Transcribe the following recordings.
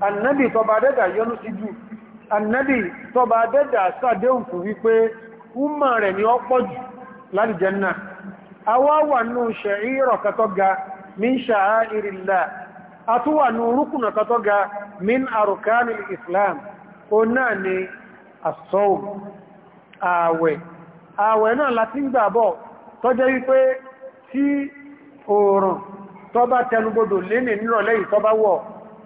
annabi tọba dẹ́dà yọnú sí jù annabi tọba dẹ́dà sàdéhùn fún wípé umma rẹ̀ ni ó pọ̀ láti jẹ́nà awáwànú ṣẹ̀írọ̀ katọ́ga min ṣàáìrìlá atúwànú rúkùnà katọ́ga min àrùkánil islam ó náà ni asọ́ù ààwẹ̀ ààwẹ̀ náà láti ń gbàbọ̀ tọ́jẹ́ wípé tí oòrùn tọba tẹnugbodò lénìí wọ̀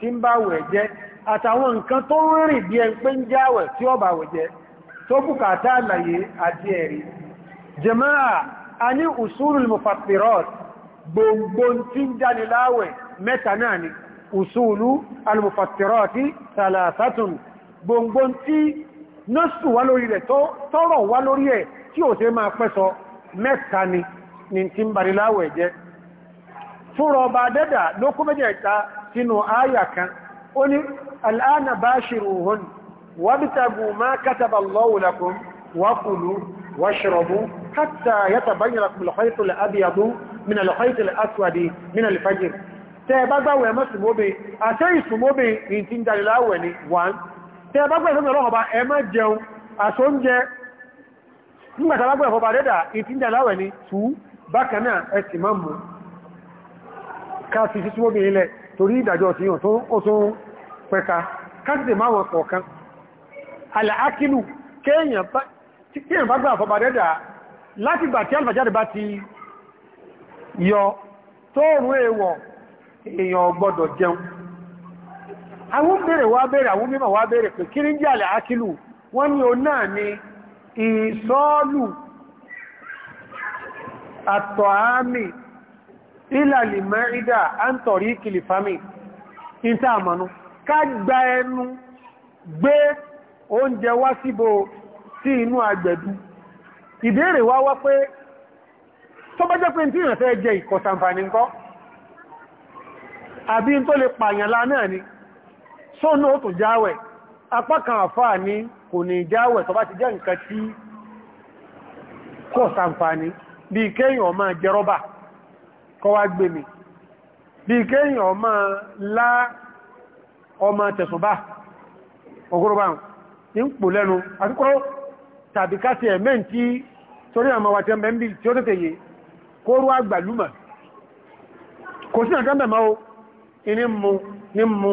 tí ń bá wẹ̀ jẹ́ àtàwọn nǹkan tó ń rìn bí ẹn pé ń jáwẹ̀ tí ó bá wẹ̀ jẹ́ tó bùkátà àlàyé àti ẹ̀rí jẹmáà a ní usulul mufattirat gbogbo tí ń jáni láwẹ̀ mẹ́ta náà ni usulu al salasatun gbogbo tí nọ́sù wá lórí rẹ̀ tọ́rọ̀ wá lórí ẹ̀ tí ò tẹ́ máa pẹ́sọ mẹ́ta ni ni tí ń bari fúnrọ̀ ọba dẹ́dà ló kó méjì ẹ̀ta sínú áyà kan ó ní al'ana bashiruhun wabtagu ma kataba Allahu lakum wa kulu washrabu hatta yatabayyana lakum al-khayt al-abyad min al-khayt al-aswad min al-fajr tẹ́ bá gbààwẹ̀ masumobe àti isumobe in tin dalilawe ni 1 tẹ́ bá gbààwẹ̀ so Ọlọ́run ba má jẹun aso nje nígbàtà bá gbààwẹ̀ fo torí ìdàjọ́ ti yàn ó tún pẹ́ka káàkiri máa wọn kọ̀ọ̀kan kéèyàn bá gbà àfọ́bà dẹ́dà láti ti yọ tóòrùn èèwọ̀ èèyàn jẹun àwọn bèèrè wá bèèrè àwọn mímọ̀ wá bèèrè pé kí ní wọ́n o náà ni ìsọ́ọ̀lù ìlàlì mẹ́rídà àntọ̀rí kìlìfàmì ìta àmànú ká gba ẹnu gbé oúnjẹ wá síbò sí inú àgbẹ̀dú ìbéèrè wá wá pé tó bá jẹ́ pé tí ìrìnàfẹ́ jẹ ìkọ̀sànfàní ńkọ́ àbí tó lè pààyànlá náà ni sónú ó tó jáwẹ̀ apá kan àfáà ní kò ní jáwẹ̀ tó bá ti jẹ́ nǹkan tí kọ̀sànfàní bí kéèyàn máa jẹ kọ́ wá gbé mi bí kéyìn ọmọ lá ọmọ tẹ̀sùnbá ọgọ́rọ̀bá ní ń pò lẹ́nu àtíkọ́ tàbí káṣẹ ẹ̀mẹ́ tí torí àmà wà tẹ́ mẹ́bí tí ó tẹ́tẹ̀ yé kó rú àgbàlúmà kò sí àjọ́ mẹ́mọ́ o ní mú ní mú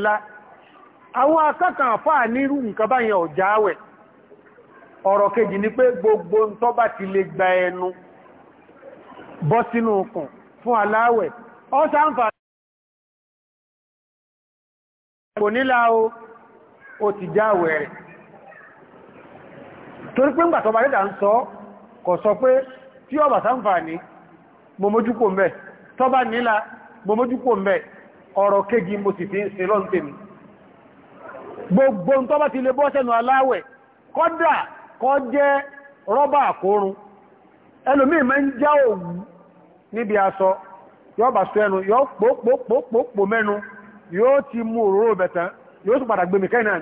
wọ́n àwọn akẹ́kàn àfáà nírú nǹkan báyẹn ọ̀já àwẹ̀ ọ̀rọ̀ kejì ni pé gbogbo tó bá ti lè gba ẹnu bọ́ sínú ọkàn fún aláwẹ̀ ọ sáǹfà o ó ti já àwẹ̀ rẹ̀ torí pé ń gbàtọ̀ bá dídà ń sọ kọ̀ mẹ́ tọ́bá nílá mo mẹ́ ọ̀rọ̀ kejì mo sì fi ń ṣe lọ́ntẹ̀mí gbogbo tó bá ti lè bọ́ sẹ́nu aláwẹ̀ kọ́dà kọ́ jẹ́ rọ́bà àkórun ẹlòmíì mẹ́ ń já òwú níbi aṣọ yóò bà sọ ẹnu yóò pòpòpòpò mẹ́nu yóò ti mú òróró bẹ̀tán yóò tún padà gbẹmì kẹ́ náà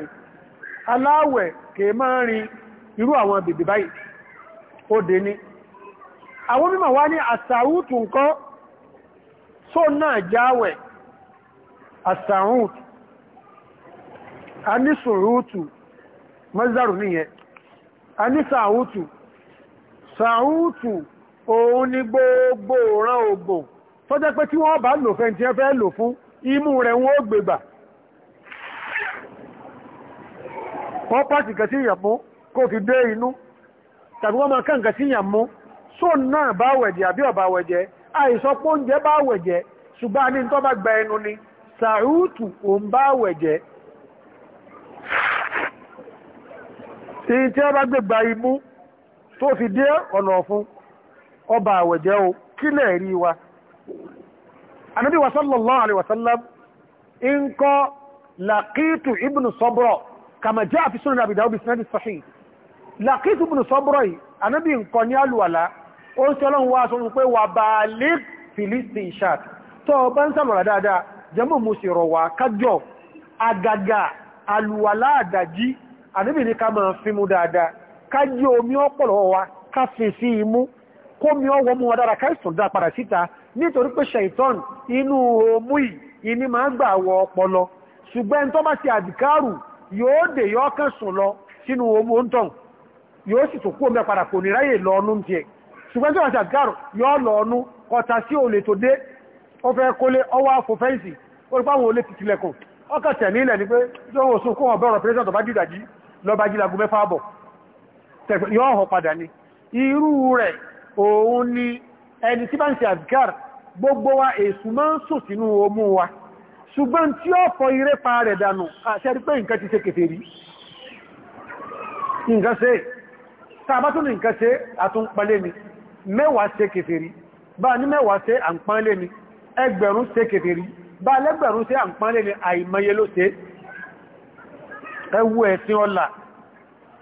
aláwẹ̀ a ní sùúrùtù mọ́sàrù níyẹn a ní ụtụ òun ni gbogbo ran ogbo! tó pé tí wọ́n bá lò fẹ́ tí ẹ fẹ́ lò fún imú rẹ̀ wọ́n gbègbà kọ́ pàtì kẹsí ìyàmú fi dé inú tàbí wọ́n máa kàn ìyàmú só náà bá wẹ̀jẹ̀ àbí bá wẹ̀jẹ̀ ṣùgbọ́n ní bá gba ẹnu èyí tí a bá gbégbá imú tó fi dé ọ̀nà ọ̀fun ọba àwẹ̀jẹ́ o kí lẹ̀ rí wa anábí wa sallallahu alaihi wasallam in kọ́ laqitu ibn sabra kama jaa fi sunan abi dawud bi sanad sahih laqitu yìí anábí nǹkan ní alùwàlá ó ń sọ́lọ́n wá sọ pé wà bá lè filisti shat tó bá ń sàlọ̀rà dáadáa jẹ́mọ̀ mo sì rọ̀ wá kájọ àgàgà alùwàlá àdàjí àníbì ní ká máa fi mú dáadáa ká jí omi wa ká fi sí imú kó mi ọwọ́ mú ọdára ká ìsùn dá padà síta nítorí pé ṣaitan inú omú ìní máa gbà wọ ọpọlọ ṣùgbọ́n tó bá ti àdìkárù yóò dè yọ́ sùn lọ sínú omú oúntàn yóò sì kú omi padà kò ní ráyè lọ ọnú tiẹ̀ ṣùgbọ́n tó bá ti àdìkárù lọ ọnú kọta sí òlè tó dé lọ́bá jílago mẹ́fà bọ̀ yọ́ hàn padà ní irú rẹ̀ òun ni ẹni tí bá ń ṣe àzikar gbogbo wa èsù máa ń sùn sínú omú wa ṣùgbọ́n tí ó fọ iré pa rẹ̀ dànù àṣẹ́rí pé nǹkan ti se, kèfèrí nǹkan ṣe tàbá tún nǹkan ṣe àtúnpalẹ́ ni mẹ́wàá ṣe kèfèrí bá ní mẹ́wàá ṣe àǹpanlẹ́ ni ẹgbẹ̀rún ṣe ni àìmọye ló ṣe ẹwú ẹ̀sìn ọlà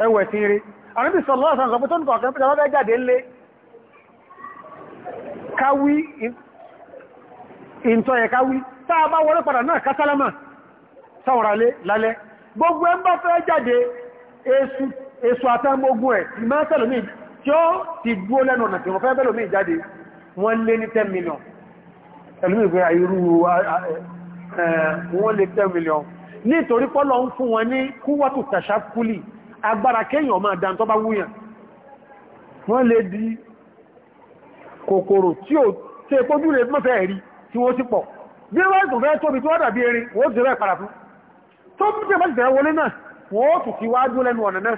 ẹwú ẹ̀sìn rí àríbí sọ̀lọ́sàn sọ pé tó ń kọ̀ọ̀kan pẹ̀lú ọlọ́fẹ́ jáde ńlé káwí ìntọ́yẹ káwí táà bá wọlé padà náà kásálámà sáwọ̀rálé lálẹ́ gbogbo ẹ bá fẹ́ jáde èsù àtàmógún ẹ̀ tí máa tẹ́lòmí tí ó ti dúó lẹ́nu ọ̀nà tí wọ́n ìgbé àìrú wọ́n lé 10 million nítorí pọ́lọ̀ ń fún wọn ní kúwọ́tù tàṣàkúlì agbára kéèyàn máa dá tó bá wúyàn wọ́n lè di kòkòrò tí ó tẹ́ pójú rẹ̀ mọ́fẹ́ rí tí wọ́n ti pọ̀ bí wọ́n tó fẹ́ tóbi tí wọ́n dàbí erin wọ́n ti rẹ̀ para fún tó bí tẹ́ bá ti tẹ́ wọlé náà wọ́n tù sí wájú lẹ́nu ọ̀nà náà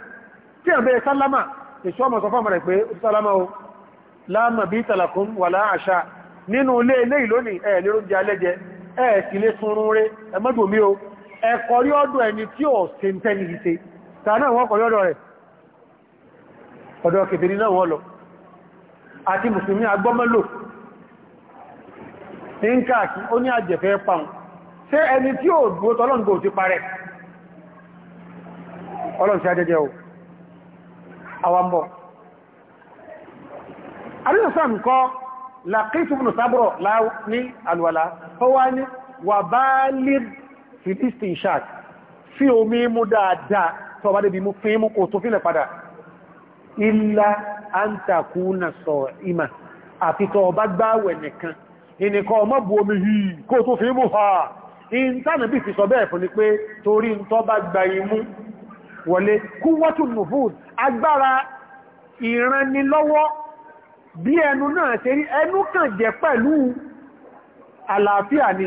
tí rẹ̀ pé sálámà o ẹ̀kọ̀rí ọdọ̀ ẹni tí ó se ń tẹ́ni ìṣe tàà náà wọ́n kọ̀rí ọdọ̀ rẹ̀ ọ̀dọ̀ kèfèrí náà wọ́n lọ àti mùsùlùmí agbọ́mọ́lò ní káàkì ó ní àjẹ̀fẹ́ pàun ṣé ẹni tí ó gbó tọ́lọ́ngbò ti parẹ́ ọlọ́n filisti shark fi omi mú dáadáa tó bá débi mú fi mú kò tó fílẹ̀ padà ilá antakú na sọ ìmà àti tó bá gbáwẹ̀ nìkan ìnìkan ọmọ bú omi yìí kò tó fi mú ha in tánàbí fi sọ bẹ́ẹ̀ fún ni pé torí ń tọ́ bá gba imú wọlé kúwọ́tù nùfúd agbára ìrànnilọ́wọ́ bí ẹnu náà ṣe rí ẹnu kàn jẹ́ pẹ̀lú àlàáfíà ni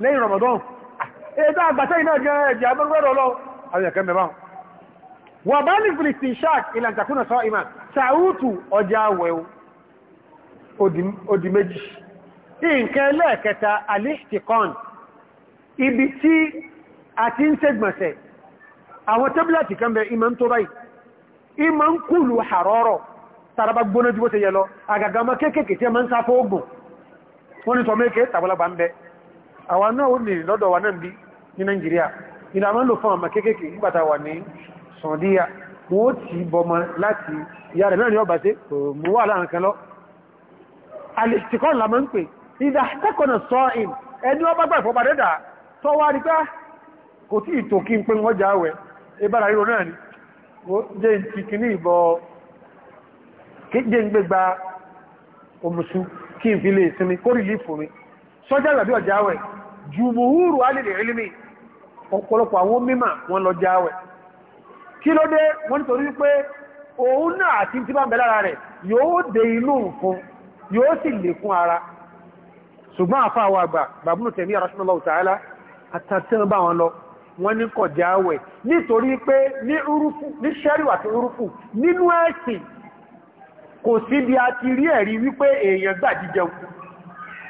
lẹ́yìn Ramadan èdè àgbàtẹ́ iná jẹ́ ẹ̀jẹ̀ abẹ́rẹ́rẹ́ lọ àwọn ẹ̀kẹ́ mẹ́bá wà bá ní filistin shark ilẹ̀ ìtàkùnà sọ ìmá sàútù ọjà wẹ̀wò odi méjì nǹkan ẹlẹ́ẹ̀kẹta alistikon ibi tí a ti ń tẹ́gbọ̀nsẹ̀ àwọn tẹ́bílẹ̀tì kan bẹ ìmọ̀ tó báyìí ìmọ̀ ń kúlù àrọ́rọ̀ tàràbà gbóná jù bó ṣe yẹ lọ àgàgàmọ́ kéèkèé tí a máa ń sáfó ogun wọ́n ni tọ́mẹ́kẹ́ ń bẹ àwọn náà ó lè lọ́dọ̀ wa náà bí ní Nàìjíríà ìlà mọ́ lò fún ọmọ kéékèèké nígbàtà wà ní sọ̀díyà wọ́n ti bọmọ láti ìyá rẹ̀ mẹ́rin ọba sí mú wà láàrín kan lọ alìsìkọ́ lámọ́ ń pè ìdá tẹ́kọ̀nà sọ in ẹni ọba gbà ìfọba dẹ́dà tọ́ wá rí pé ah, kò tí ìtò kí n pín wọ́n jáwẹ́ ẹbára ríro lè sinmi kórìlì fún mi sọ́jà ìgbàbí jùmùhúrù alìlẹ̀ ilmi ọ̀pọ̀lọpọ̀ àwọn mímà wọn lọ jáwẹ̀ kí ló dé wọ́n nítorí pé òun náà àti tí bá ń bẹ̀lára rẹ̀ yóò dé inú fún yóò sì lè fún ara ṣùgbọ́n àfá àwọn àgbà bàbúrù tẹ̀mí arásùnmọ́lọ́wọ́ tààlá àtàtàn bá wọn lọ wọ́n ní kọ̀ jáwẹ̀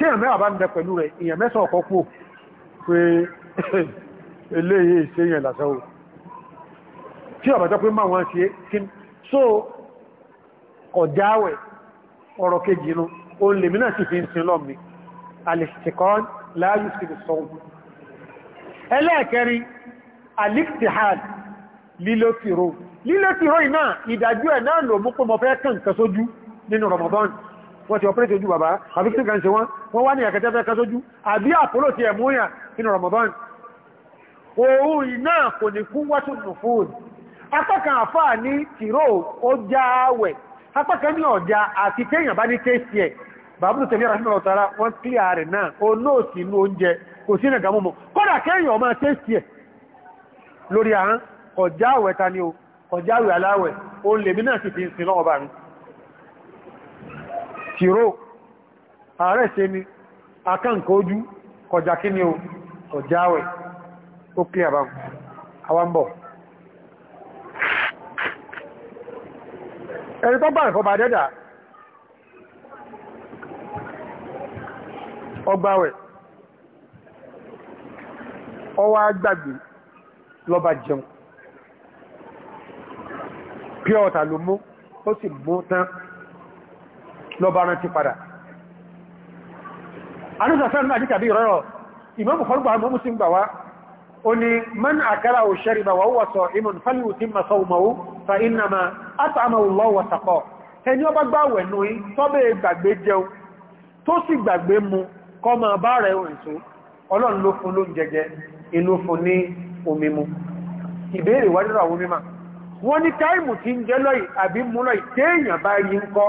tí èyàn mẹ́wàá bá ń bẹ pẹ̀lú rẹ̀ èyàn mẹ́sàn ọ̀kọ́ kú pé eléyìí ìṣe yẹn làṣẹ́ o tí ọ̀bàjọ́ pé máa wọ́n ṣe kí so ọ̀dáwẹ̀ ọ̀rọ̀ kejì inú o lè mí náà sì fi ń sin lọ mi alìsìkọ́n láàáyù sí ìsọ́wọ́ ẹlẹ́ẹ̀kẹrin alìsìhàn lílọ́tìró lílọ́tìró ìná ìdájú ẹ̀ náà lò mú pé mọ fẹ́ kàn nǹkan sójú nínú Ramadan wọ́n ti ọpẹ́rẹ́tì ojú bàbá àbí tí kàn ṣe wọ́n wọ́n wá ní àkẹtẹ́fẹ́ kásójú àbí àpólò ti ẹ̀múyàn nínú Ramadan òun iná kò ní kún wọ́tún nù fún apákan àfà ní tìró ó já wẹ̀ apákan ní ọ̀já àti kéèyàn bá ní kéèsì ẹ̀ bàbúrú tẹ̀lé rahimah ọ̀tara wọ́n tí ààrẹ náà ó nóòsì inú oúnjẹ kò sí ẹ̀gà mọ́mọ́ kódà kéèyàn ọmọ kéèsì ẹ̀ lórí tìró ààrẹ ṣe ni akáǹkà ojú kọjá kí ni o ọjáwẹ̀ ó kí àbá àwọn bọ̀ ẹni tó bá ẹ̀fọ́ bá dẹ́dà ọgbàwẹ̀ ọwá gbàgbé lọ́ba jẹun pí ọ̀tà ló mú ó sì mú tán lọ́ba rántí padà anúsàsán náà jíkàbí ìrọ́rọ̀ ìmọ́mù kọlùgbà mọ́mù sí gbà wá o ni man àkàrà ò ṣẹ́rìbà wà wọ́sọ̀ imun faliwu ti ma sọ́wọ́mọ́wó fa iná ma átàmàwòlọ́ wọ́sàkọ́ ẹni ọba ìbéèrè wá nínú àwọn mímọ̀ wọ́n ní táìmù ti ń jẹ́ lọ́yìn àbí mú lọ́yìn téèyàn bá rí ń kọ́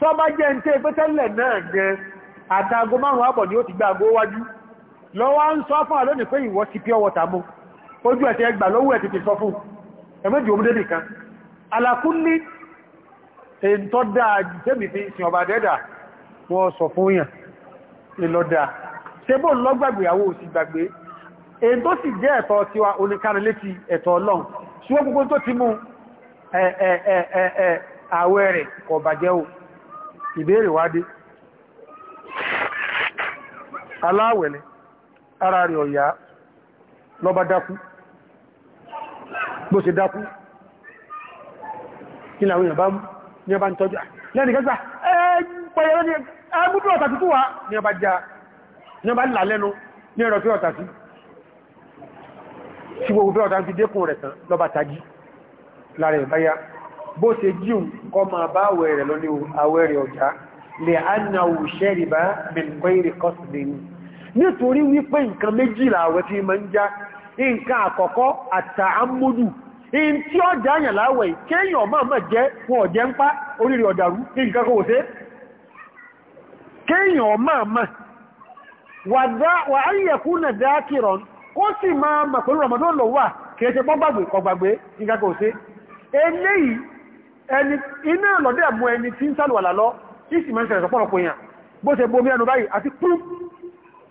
tó bá jẹ́ ń tẹ́ pé tẹ́lẹ̀ náà jẹ àtàgó márùn-ún àbọ̀ ni ó ti gbà agbó wájú lọ́wọ́ ń sọ fún àlónìí pé ìwọ ti pure water mú ojú ẹ̀tẹ́ ẹgbà lọ́wọ́ ẹ̀ tètè sọ fún ẹmẹ́jì omúdé nìkan alákúnlé èntọ́ dáa jẹ́mì fi sin ọba dẹ́dà wọ́n sọ fún yàn ìlọ́dà ṣe bó lọ́gbàgbéyàwó àwẹ̀ rẹ̀ kò bàjẹ́ ìbéèrè wá dé aláwẹ̀lẹ̀ ara rẹ̀ ọ̀yá lọ́bá dákú bó ṣe dákú kí làwọn èèyàn bá mú ní ọba ń tọ́jú lẹ́nì kẹta ẹgbẹ̀rẹ̀ ní ẹgbùdó ọ̀tà títú wà ní ọba já ní ọba là bó ṣe jíun kọ ma bá àwẹ̀ lọ ní àwẹ̀ ọ̀já lè ánà ṣẹ́rì bá bá mẹ́kọ́ ìrẹ̀ kọ́sìdínì nítorí wípé nǹkan méjìlá àwẹ̀ tí ma ń já nǹkan àkọ́kọ́ àtàámúdù in tí ó dáyàn láwẹ̀ kéèyàn ọmọ mọ̀ jẹ́ ẹni iná lọ́dẹ̀ mú ẹni tí ń sàlùwàlà lọ ìsì máa ń sẹ̀rẹ̀ sọpọ̀lọpọ̀ èèyàn bó ṣe bomi ẹnu báyìí àti púrú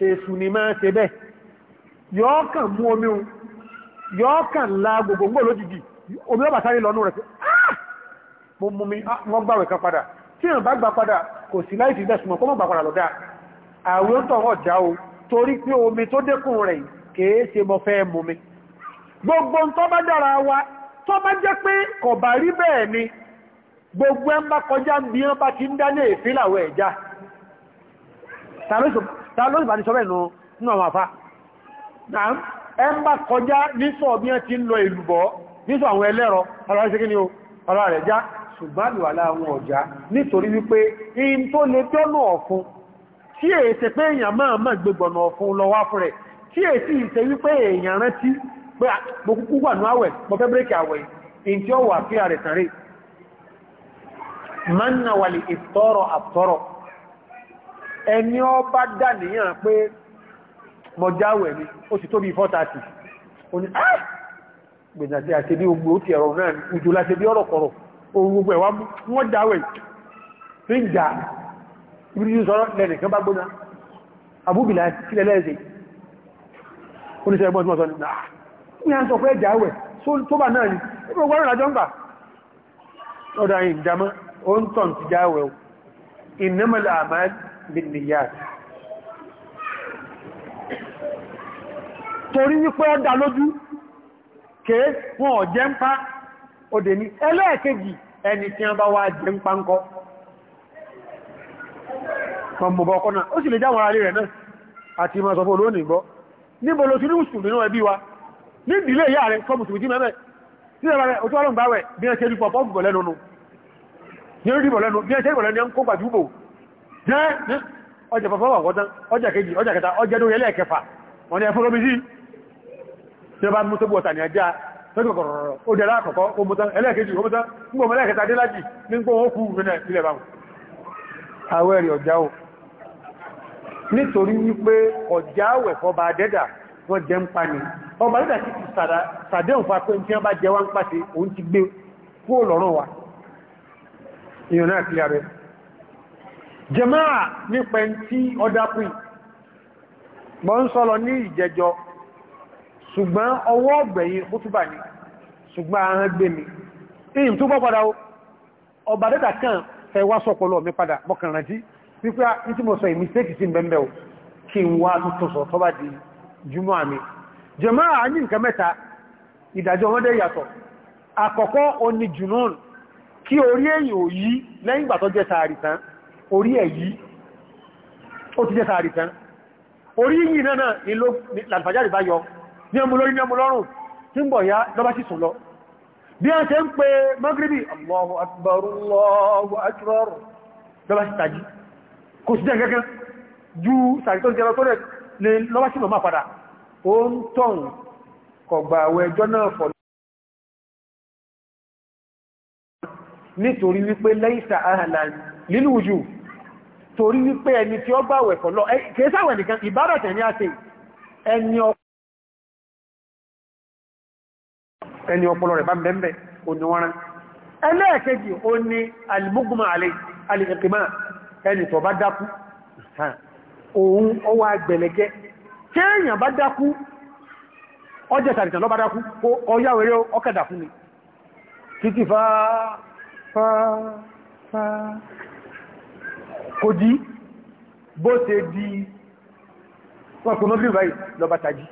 èṣù ni máa ṣe bẹ́ẹ̀ yọ́ọ̀kàn mú omi un yọ́ọ̀kàn la gbogbogbò lójijì omi ọba sáré lọ́nú rẹ̀ pé ah! mo mú mi ah, wọ́n gbàwẹ̀ kan padà tí ìrìn bá gbà padà kò sí láì fi bẹ́sùmọ̀ kó mọ̀ gbà padà lọ́dá àwẹ́ ń tọ̀rọ̀ já o torí pé omi tó dékùn rẹ̀ kèé ṣe mọ́ fẹ́ mú mi gbogbo ń tọ́ bá dára wa tó bá jẹ́ pé kò bá rí bẹ́ẹ̀ ni gbogbo ẹ ń bá kọjá ń bí wọ́n bá ti ń dá ní èfílàwọ̀ ẹ̀já tààlóṣù bá ní sọ́bẹ̀ nù àwọn àfá ẹ ń bá kọjá nísọ̀ bí wọ́n ni o ara rẹ̀ já ṣùgbọ́n àlà àwọn ọ̀já nítorí wípé in tó lè tọ́nà ọ̀fun tí pé èèyàn máa máa gbẹ̀gbọ̀nà ọ̀fun lọ wá fún rẹ̀ tí èsì ìṣẹ́ wípé èèyàn rántí pé mo kúkú wà ní àwẹ̀ mo fẹ́ bírèkì àwẹ̀ in tí ó wà fí ààrẹ tàrí manna wà lè ìtọ́rọ̀ àtọ́rọ̀ ẹni ọ bá dà níyàn pé mo jáwẹ̀ mi ó sì tó bí 430 ó ní ah gbèdàdé àti bí ogbò ti ẹ̀rọ náà ìjò láti bí ọ̀rọ̀ kọ̀rọ̀ ohun gbogbo ẹ̀wà wọ́n jáwẹ̀ fi ń jà ibi tí sọ́rọ̀ lẹ́nìkan bá gbóná abúbìlà sílẹ̀ lẹ́ẹ̀sẹ̀ oníṣẹ́ ẹgbọ́n tí wọ́n sọ ní náà ní à ń sọ pé ẹjà wẹ̀ tó bà náà ni ibi wọ́n rájọ́ ń gbà ọ̀dà ìjàmọ́ ó ń tàn ti jáwẹ̀ innamal a'mal binniyat torí wípé ọ̀dà lójú kéé wọn ò jẹ́ ń pa òdè ní ẹlẹ́ẹ̀kejì ẹni tí wọ́n àti ìmọ̀ olóòní gbọ́ níbo lo ti ní mùsùlùmí náà ẹbí wa ní ìdílé ìyá rẹ̀ kọ́ mùsùlùmí mẹ́mẹ́ tí ẹ̀rọ rẹ̀ ojú ọlọ́run bá wẹ̀ bí ẹ ṣe rí pọ̀pọ̀ bùbọ̀ lẹ́nu nù bí ẹ ṣe rí pọ̀lẹ́nu ní ẹ ń kó gbàdúgbò jẹ́ ọjà pọ̀pọ̀ wà wọ́dán ọjà kejì ọjà kẹta ọjà ní ilé ẹ̀kẹfà wọ́n ni ẹfún omi sí tí ó bá mú tóbú ọ̀tà ní ajá tọ́gbọ̀kọ̀rọ̀ ó dẹ̀ láàkọ̀kọ́ ó mú tán ẹlẹ́ẹ̀kejì ó mú tán ń gbọ́ mẹ́lẹ́ẹ̀kẹta dé lájì ní gbọ́ ó kú rẹ̀ ilẹ̀ bá àwẹ̀ rí ọjà o nítorí wípé ọjà àwẹ̀ fọba dẹ́dà wọ́n jẹ́ ń pa ni ọmọ nígbà tí ti sàdéhùn fà pé tí wọ́n bá jẹ wá pàṣẹ òun ti gbé kó lọ́rọ̀ wa èèyàn náà fi ààrẹ jẹmáà nípa tí ọdápin mọ́ ń sọ́lọ ní ìjẹjọ ṣùgbọ́n ọwọ́ ọ̀gbẹ̀yìn kútúbà ni ṣùgbọ́n ahọ́n gbé mi ìyìn tó bọ́ padà ọba dẹ́dà kan fẹ́ wá sọpọlọ mi padà mọ́kànrántí wípé ìtí mọ̀ sọ ìmìsẹ́kì sí mẹ́mẹ́ o kí n wá tó sọ tọ́bá di jẹmáà ní nǹkan mẹ́ta ìdájọ́ wọ́n dẹ̀ yàtọ̀ àkọ́kọ́ oní jùnún kí orí èyàn ò yí lẹ́yìn ìgbà tó jẹ́ sàárì tán orí ẹ̀ yí ó ti jẹ́ sàárì tán orí yìí náà ni ló lànfàjáde bá yọ ní ọmọ lórí ní ọmọ lọ́rùn tí ń bọ̀ ya lọ́bá sì sùn lọ bí a ṣe ń pe magribi Allahu akbar Allahu akbar lọ́bá sì tàjí kò sí jẹ́ gẹ́gẹ́ ju sàárì tó jẹ́ lọ tó ó ń tọ̀n kọ̀gbà àwọ̀ ẹjọ́ náà fọ̀ nítorí wípé lẹ́ìsà àhàlà lílù jù torí wípé ẹni tí ó bá wẹ̀ fọ̀ lọ kẹsàwẹ̀ nìkan ìbárọ̀tẹ̀ ní àti ẹni ọpọlọ rẹ̀ bá mẹ́mẹ́ òní wọ́n rán ẹlẹ́ẹ̀kẹ́jì ó ní alìmúgbùmọ̀ alìkẹ̀kẹ̀má téèyàn bá dákú ọjẹ́ tàrìtàn lọ bá dákú ọya wẹ̀rẹ́ ọkẹ̀dà fún mi títí fa fa fa kò dí bó ṣe di wọ́n kò mọ́bílì báyìí lọ bá tají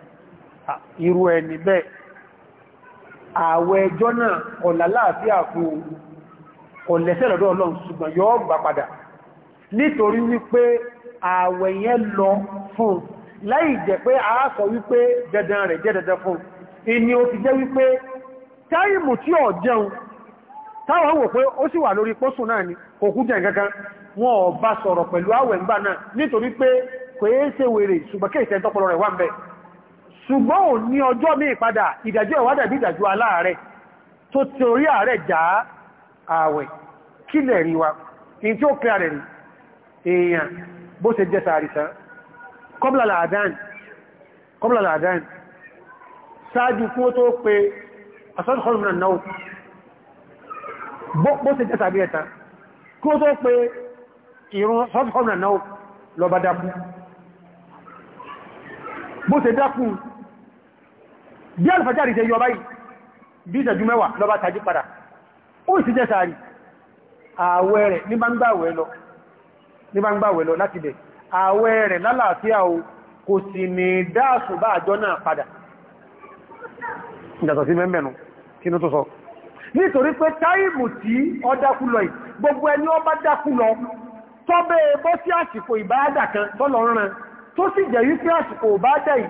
irú ẹni bẹ́ẹ̀ àwẹ̀ náà ọ̀là láàfíà ọ̀lẹ́sẹ̀ lọ́dọ̀ ọlọ́run ṣùgbọ́n yóò gbà padà nítorí wípé àwẹ̀ lọ fún láì jẹ́ pé a sọ wípé dandan rẹ̀ jẹ́ dandan fún ìní o ti jẹ́ wípé táìmù tí ọ jẹun táwọn wò pé ó sì wà lórí pósùn náà ni kò kú jẹ́ wọn ò bá sọ̀rọ̀ pẹ̀lú àwẹ̀ ń gbà náà nítorí pé kò é ṣe wèrè ṣùgbọ́n kí ìṣẹ́ tọ́pọ̀lọ rẹ̀ wà ń tó ààrẹ èèyàn bó kọ́bùlà làádáàn kọ́bùlà làádáàn sáájú kí ó tó pé asọ́dù kọ́lùmùnà náà bó ṣe jẹ́ tàbí ẹ̀ta kí ó tó pé ìrún asọ́dù kọ́lùmùnà náà lọ bá dákú bó ṣe dákú bí alfajari ṣe yọ báyìí bí ìṣẹ́jú mẹ́wàá lọ bá tají padà ó sì jẹ́ àwẹ̀ rẹ̀ lálàáfíà o kò sì ní dáàsù bá àjọ náà padà ìdàtọ̀ sí mẹ́mẹ́nu kí ní tó sọ nítorí pé táìmù tí ọ dákúlọ ì gbogbo ẹni ọ bá dákúlọ tó bẹ́ bọ́ sí àsìkò ìbáadà kan tọ́lọ rán tó sì jẹ́ wípé àsìkò ìbáadà yìí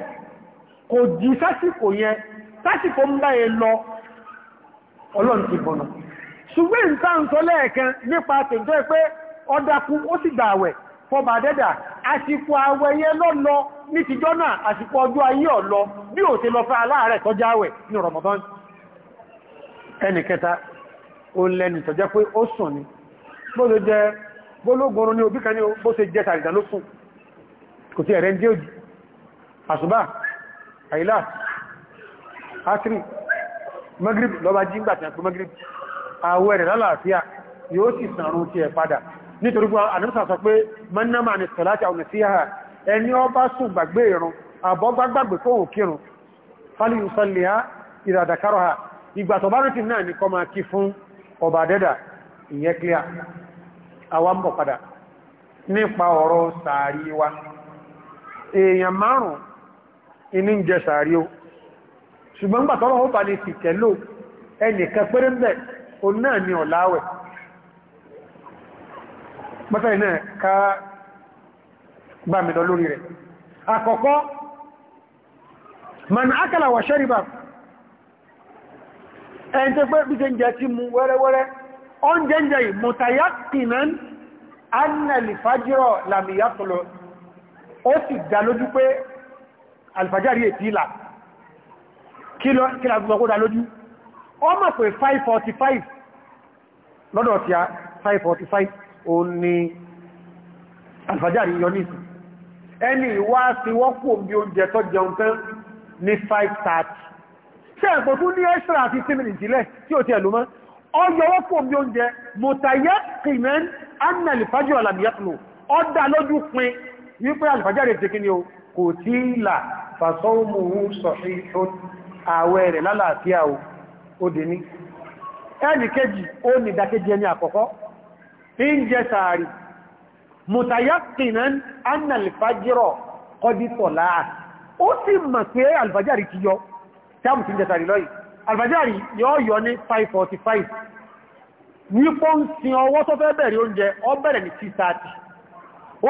kò jí sásìkò yẹn sásìkò ń bá ẹ lọ ọlọ́run ti bọ̀nà ṣùgbọ́n ìta ń sọ lẹ́ẹ̀kan nípa tèjọ́ pé ọ dákú ó sì gbà fọba dẹ́dà àsìkò àwẹyẹ lọ́lọ ní tìjọ́ náà àsìkò ọjọ́ ayé ọ̀lọ bí ti lọ fẹ́ aláàrẹ̀ tọ́já ní Ramadan ẹni kẹta ó lẹ́ni tọ́jẹ́ pé ó sùn gbólógbòrún ní obíkan ní bó ṣe jẹ tàrìdà nítorí pé ànàmsà sọ pé mọ́nàmà ní sọ̀láti àwọn ìsíhà ẹni ọ bá sùn gbàgbé ìrun àbọ́gbàgbàgbé fóhùn kírun fáliyùsọ́lẹ̀ ha ìràdàkárọ̀ ha ìgbàtọ̀bárìtì náà ní kọmà kí fún ọba dẹ́dà ìyẹ́ kílíà àwọn bọ̀ wa o ṣùgbọ́n mọ́sàrí náà ká bá mìlọ lórí rẹ̀ àkọ́kọ́ man akala wa shariba ẹn tó pé bí jẹ́ jẹ́ ti mú wẹ́rẹ́wẹ́rẹ́ oúnjẹ jẹ́ mutayakinan anna alifajiro lamiyatolo ó sì dá lójú pé alifajari ètí ìlà 545 lọ́dọ̀ tí a 545 ó ní alfajari yọ ní ẹni ìwá sí wọ́pọ̀ bí oúnjẹ tó jẹun tán ní 5:30 ṣe ẹ̀kọ́ tún ní extra 15 minutes ilẹ̀ tí ó ti ẹ̀lú mọ́ ọjọ́ wọ́pọ̀ bí oúnjẹ mọ̀tàyẹ́ kìmẹ́n anna alfajari alamiyatlo ọdá lójú pin wípé alfajari ti kíni o kò tí ìlà fàṣọ́mùhú sọ̀ṣí àwẹ̀ rẹ̀ ẹnì kejì ó ní ẹni àkọ́kọ́ ń jẹ sàárì mùtàyàkìnan anna alfajirọ kọdítọ̀ ó sì mọ̀ pé alfajari ti yọ táàmù tí ń jẹ sàárì lọ́yìn alfajari yọ yọ ní 545 nípò ń sin ọwọ́ tó fẹ́ bẹ̀rẹ̀ oúnjẹ ọ bẹ̀rẹ̀ ní 630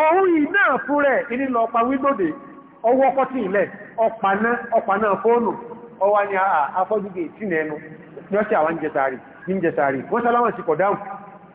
ohun iná fún rẹ̀ lọ pa wígbòdè ọwọ́ kọ́tí ilẹ̀ ọpaná fóònù ọwá ni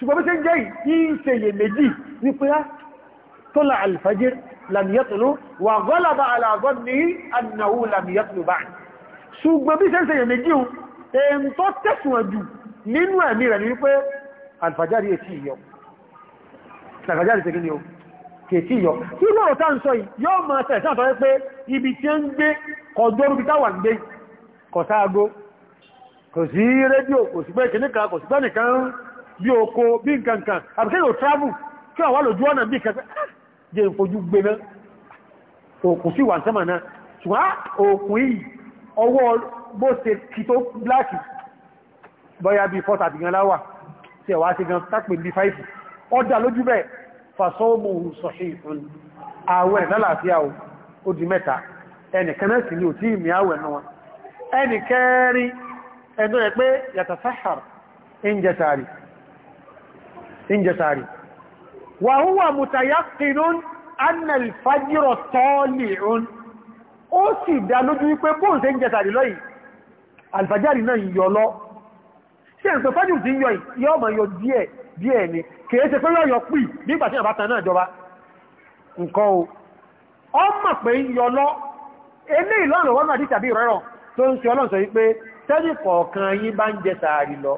ṣùgbọ́n bí ṣe ń jẹ́ yìí ṣe yè méjì wípé á tó la alfajir lamiyatulu wà gọ́lọ̀bà alágọ́ ní annahu lamiyatulu bá ṣùgbọ́n bí ṣe ń ṣe yè méjì un èyí tó tẹ̀sùn jù nínú ẹ̀mí rẹ̀ wípé alfajari ètí ìyọ sàkàjáde ṣe kí ni o kètí ìyọ tí lóòrò tá pé ibi kò sí rédíò kò sí pé kìníkà kò sí pé nìkan bí oko bí nkankan àbíkẹ́ yóò travel kí wà lójú ọ̀nà bí kankan ah, jẹ́ ìfojú gbéná òkun sí wà sánmà náà ṣùgbọ́n ah, òkun yìí ọwọ́ bó ṣe kí tó bláàkì bọ́yá bí fọ́ta ti gan láwà tí ẹ̀wà ti gan tápẹ̀ bí fáìfù ọdá lójú bẹ́ẹ̀ fàṣọ́mù sọ̀ṣì ìfún àwẹ̀ lálàáfíà ó di mẹ́ta ẹnìkanáà sì ní ò tí ìmì àwẹ̀ náà ẹnìkẹ́rin ẹ̀dọ́ ẹ̀ pé yàtàṣáhàr ń jẹtàrí ń jẹ sàárì wà ó wà mutayaqinun anna al-fajr tali'un ó sì dá lójú wípé bóòn ṣe ń jẹ sàárì lọ́yìn alfajari náà yọ lọ ṣe ń sọ fájù tí yọ yọ ma yọ díẹ̀ díẹ̀ ni kìí ṣe pé yọ yọ pì nígbà tí àbáta náà jọba nǹkan o ọ mọ̀ pé yọ lọ ilé ìlọ́nà wọ́n náà dí tàbí ìrọ́rọ̀ tó ń ṣe ọlọ́sọ̀ wípé tẹ́nì kọ̀ọ̀kan yí bá ń jẹ sàárì lọ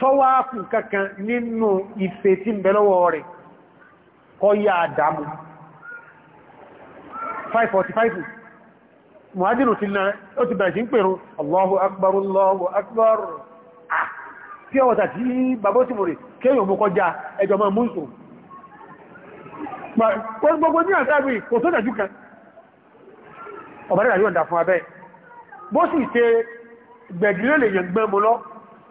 tọ́wàákù kankan nínú ife tí ń bẹ rẹ̀ kọ́ yá àdámù 545 mọ̀hájìnù ti na ó ti bẹ̀rẹ̀ sí ń pèrún Allahu akpọrọ Allahu ah, tí ọwọ́ta tí bàbá ti kéyàn mú kọjá ẹjọ máa mú ìṣòro gbogbo ní kò tó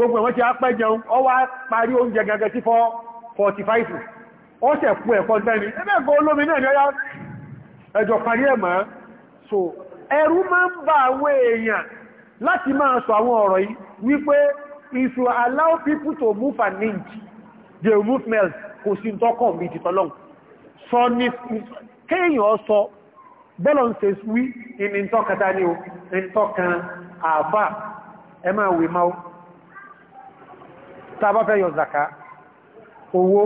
gbogbo ẹ̀wọ́n ti apẹ́ jẹun ọ wá parí oúnjẹ gẹ́gẹ́ sí 45 ó sẹ̀ kú ẹ̀kọ́ tẹ́ni ẹgbẹ́gbẹ́ olómi náà ni ó yá parí so ẹ̀rú ma ń bá àwọn èèyàn láti máa sọ àwọn ọ̀rọ̀ yìí wípé if allow people to move and link they will kò sí tọ́kàn bí títọ́lọ́n sọ ní kéèyàn sọ bọ́lọ̀ ń se ni ó ìnìntọ́kàn àbá ẹ máa wè máa tàbá fẹ́ yọ zaka owó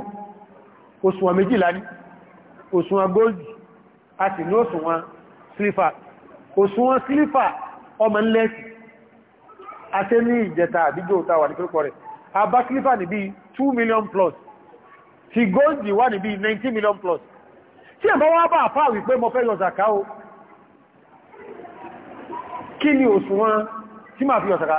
òṣùwọ̀n méjìlá ní òṣùwọ̀n góòlì àti ní òṣùwọ̀n sílífà òṣùwọ̀n sílífà ọmọ ńlẹ́sì àti ní ìjẹta àdíjò tàwà ní pẹ́lúpọ̀ rẹ̀ àbá sílífà ní bí 2 million plus ti góòlì wà ní bí 19 million plus tí ẹ̀bá wá bá àfáà wípé mo fẹ́ yọ zaka o kí ni òṣùwọ̀n tí máa fi yọ zaka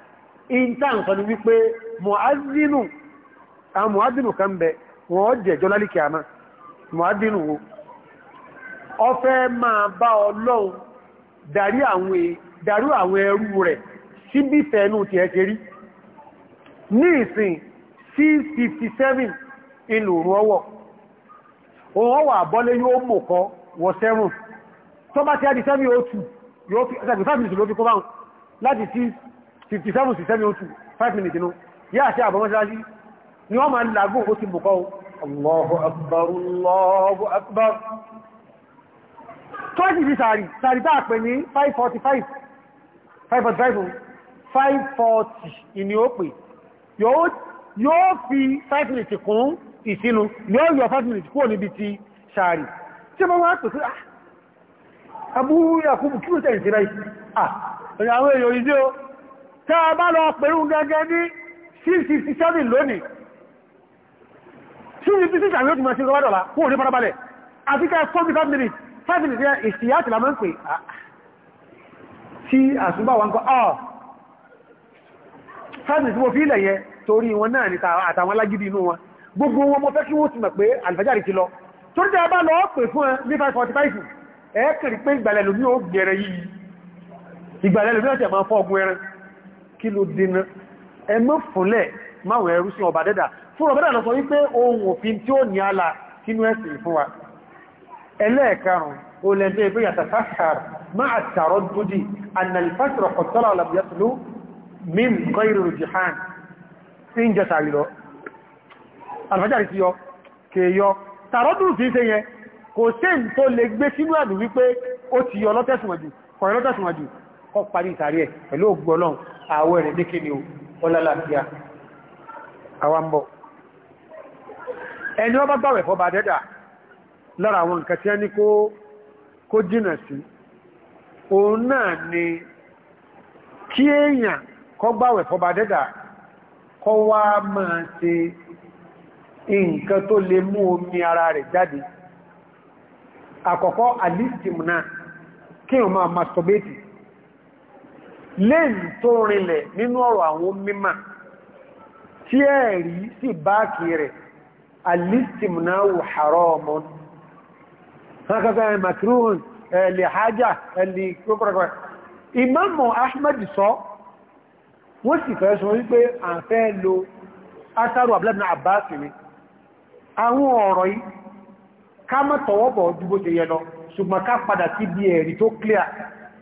ìntàǹsọ ni wípé mọ̀ázínù a mọ̀ázínù kan bẹ wọ́n jẹ́ jọlálì kìámá mọ̀ázínù wo ọfẹ́ ba bá ọlọ́run darí àwọn e, ẹrú rẹ̀ síbí fẹ́ẹ̀nù ti ẹ̀kẹ́ ní ìsìn 657 inú rọwọ́ òun wà bọ́lé yóò mọ̀kọ́ wọ oh fi oh láti 57 sí 702 5 minutes inú yá àti àbọ̀mọ́sáájú ni wọ́n máa lágún ó ti bùkọ́ Allahu akbar Allahu akbar tọ́jì sí sàárì sàárì tàà pè ní 545 545 540 ìní ó pè yóò fi 5 minutes kún ìsinu yóò yọ 5 minutes kúrò níbi ti sàárì tí wọ́n wá pèsè àbúrú àkúbù kí ó tẹ̀ tá a bá lọ pẹ̀rún gẹ́gẹ́ ní 667 lónìí tí ibi sísà yóò ti mọ̀ sí ọwọ́ dọ̀la kó ní farabalẹ̀ àti ká 45 minutes 5 minutes yẹ ìsìyà àti lámọ́ ń pè ah, tí àsúgbà wọn kọ́ ọ̀ ah, 5 minutes mo fi ilẹ̀ yẹ torí wọn náà ní àtàwọn alágídí inú wọn gbogbo wọn mọ́ fẹ́ kí wọ́n ti mọ̀ pé alfajari ti lọ torí tẹ́ bá lọ pè fún ẹ ní 545 ẹ̀ẹ́kẹ̀rí pé ìgbàlẹ̀ lómi ó gbẹ̀rẹ̀ yìí ìgbàlẹ̀ lómi ó tẹ̀ máa fọ́ ọgbọ̀n ẹran kí ló dínà ẹ mọ́ fúnlẹ̀ máwọn ẹrú sí ọba dẹ́dà fún ọba dẹ́dà lọ sọ wípé ohun òfin tí ó ní àlà sínú ẹ̀sìn fún wa ẹlẹ́ẹ̀karùn ó lẹ́gbẹ́ pé yàtàkàr máa tààrọ dúdí annalifásirọ̀ kọ̀tọ́lá ọlàbíyàtìlú min gọ́ìrì rùjìhán ń jẹ tààrí lọ alfajari ti yọ kèèyọ tààrọ dúdú kọ́ parí ìtàrí ẹ̀ pẹ̀lú ògbọ́lọ́n àwọ̀ rẹ̀ ní kíni ọlálàáfíà àwambọ̀ ẹni ọba gbàwẹ̀ fọba dẹ́dà lára àwọn nǹkan tí a ní kó jìnà sí òun náà ni kí èèyàn kọ́ gbàwẹ̀ fọba dẹ́dà kọ́ wá máa ṣe nǹkan tó lè mú omi ara rẹ̀ jáde àkọ́kọ́ alistimu náà kí o máa masturbate léèlì tó rinlẹ̀ nínú ọ̀rọ̀ àwọn mímọ̀ tí ẹ̀rí sí báàkì rẹ̀ alistimnáwò haramun kọ́kọ́ ẹ̀ makruhun ẹ̀lì hajjá ẹ̀lì imamu ahmed sọ wọ́n sì fẹ́ sọ asaru abúlẹ́bìnà àbáàsì ni àwọn ọ̀rọ̀ yìí ká mọ́ tọwọ́bọ̀ ju ṣe yẹ lọ ṣùgbọ́n clear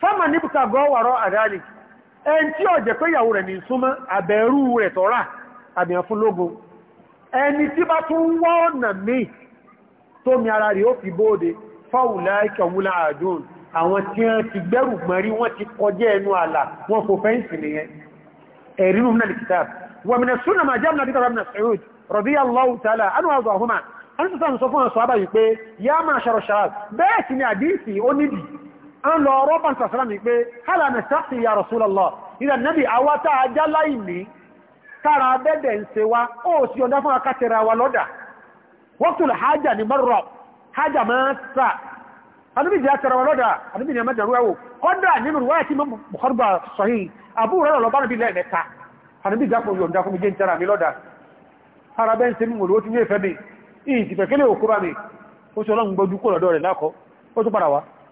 fáma níbùkà gọ́wàrọ́ àdáàlì ẹn tí ó jẹ́ pé ìyàwó rẹ̀ ní súnmọ́ àbẹ̀rú rẹ̀ tọ́rà àbìyàn fún lógún ẹni tí bá tún wọ́ ọ̀nà míì tó mi ara rí ó fi bóòdé fáwùlá ìkẹwùlá àjún àwọn tí wọ́n ti gbẹ́rù gbẹ̀rí wọ́n ti kọjá ẹnu àlà wọ́n kò fẹ́ǹsì nìyẹn ẹ̀rínú mìíràn kìtàb wọ̀mìnà súnà ta'ala anhu àwọn ọ̀húnmà an tó sọ fún ọ̀sọ̀ àbáyí pé yá máa ṣàrọ̀ṣàrọ̀ bẹ́ẹ̀ sì ni àdíìsì ó nídìí ń lọ rọ́bàn sàṣàràmì pé hálà nà sáàtì ya Rasulullah ìrẹ̀ nẹ́bì àwa tá a já láì ní tára bẹ́ẹ̀dẹ̀ ń ṣe wá ó sì ọ̀dá fún akátẹ̀rẹ̀ wa lọ́dà wọ́kùnlẹ̀ hajjá ní mọ́rọ̀ hajjá máa sà anúbì jẹ́ akẹ́rẹ̀ wa lọ́dà anúbì ní ẹmẹ́jẹ̀ rúwẹ́wò kọ́dà nínú rúwáyà tí mọ́kọ̀rọ̀bà sọ̀hí àbúrò rẹ̀ lọ́bánu bí lẹ́ẹ̀mẹ́ta anúbì jẹ́ akọ̀ yọ̀ǹda fún mi jẹ́ ń tẹ́ra mi lọ́dà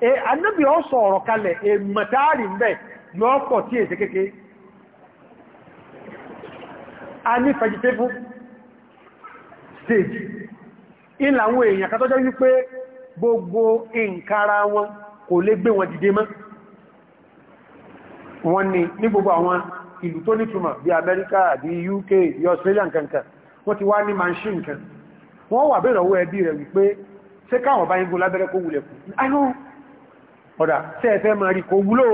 e eh, ọ sọ ọ̀rọ̀ kalẹ̀ èmàtàrí eh, mẹ́ lọ́pọ̀ tí èsẹ kéèké a ní vegetable stage ilẹ̀ àwọn èèyàn katọ́jọ́ wípé gbogbo ìǹkara wọn kò lè gbé wọn dìde mọ́ wọn ni ní gbogbo àwọn ìlú tó nítumọ̀ bí Amẹ́ríkà bí UK bí Australia nkankan wọ́n ti wá ní mansion nkan wọ́n wà bẹ̀rẹ̀ owó ẹbí rẹ̀ wípé káwọn bá ń gún lábẹ́rẹ́ kó ọ̀dà tẹ́ ẹ̀fẹ́ máa rí kò wúlò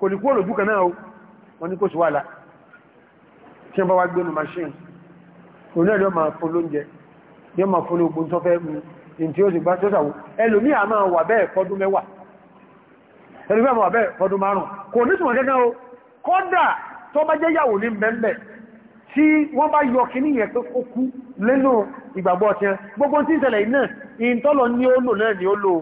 kò ní kúrò lójú kanáà wọn ní kò sí wàhálà tí wọ́n bá wá gbénu machine òun náà yóò máa fún lóúnjẹ yóò máa fún lóògùn tó fẹ́ mú in tí ó sì gbá tó sàwó ẹlòmí a máa wà bẹ́ẹ̀ fọ́dún bá jẹ́ yàwó ní mẹ́mẹ́ tí wọ́n kú lẹ́nu ìgbàgbọ́ ti gbogbo tí ń ṣẹlẹ̀ náà ní ó lò náà ni ó lò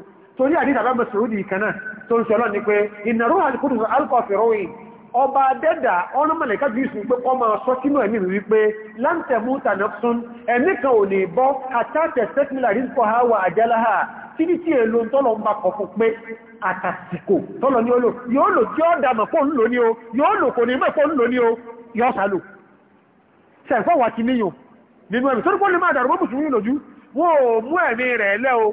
torí àdídà bá Mas'udi ìkaná tó ń sọ́lọ́ ní pé inna ruhal qudus alqa fi ruhi ọba dẹ́dà ọ́nà mọ̀lẹ̀ká bí ìsùn pé kọ́ máa sọ sínú ẹ̀mí wípé lan tamuta nafsun ẹ̀mí kan ò ní bọ́ àtàtẹ̀ sẹ́kìlà rí kọ́ hawa àjálàhà tí ní tí èlò tọ́lọ ń bá kọ̀ fún pé àtàsìkò tọ́lọ ní olò yóò lò tí ó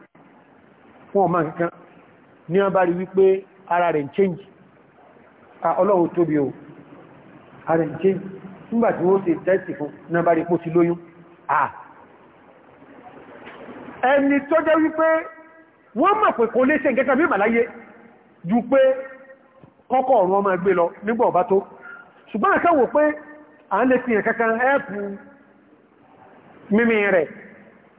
fún ọmọ nǹkan ní wọ́n bá rí wípé ara rẹ̀ ń change ọlọ́run tóbi o ara ń change nígbàtí wọ́n ṣe tẹ́sì fún náà bá rí pó ti lóyún àà ẹni tó jẹ́ wípé wọ́n mọ̀ pé kò lè ṣe nǹkan màláyé ju pé kọ́kọ́ ọ̀run ọmọ ẹgbẹ́ lọ nígbà ọba tó ṣùgbọ́n àkáwò pé à ń lè fi hàn kankan ẹ́ẹ̀pù mímí rẹ̀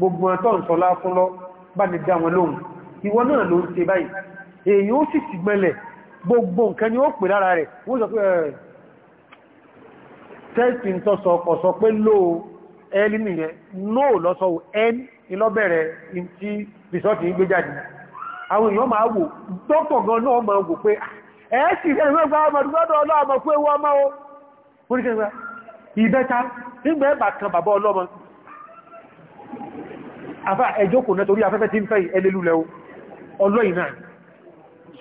gbogbo ọ̀tọ́ ìṣọ́lá fún lọ bá ní dá wọn lóhun ìwọ náà ló ń ṣe báyìí èyí ó sì ti gbẹ́lẹ̀ gbogbo nǹkan ni ó pè lára rẹ̀ wọ́n sọ pé ẹ̀rẹ̀ tẹ́sì tó sọ ọkọ̀ sọ pé lóò ẹni nìyẹn nóò lọ́sọ ẹn ìlọ́bẹ̀rẹ̀ tí afá ẹjọ́kù náà torí afẹ́fẹ́ tí ń elelu ẹlẹ́lúlẹ́ ọlọ́yìn ina.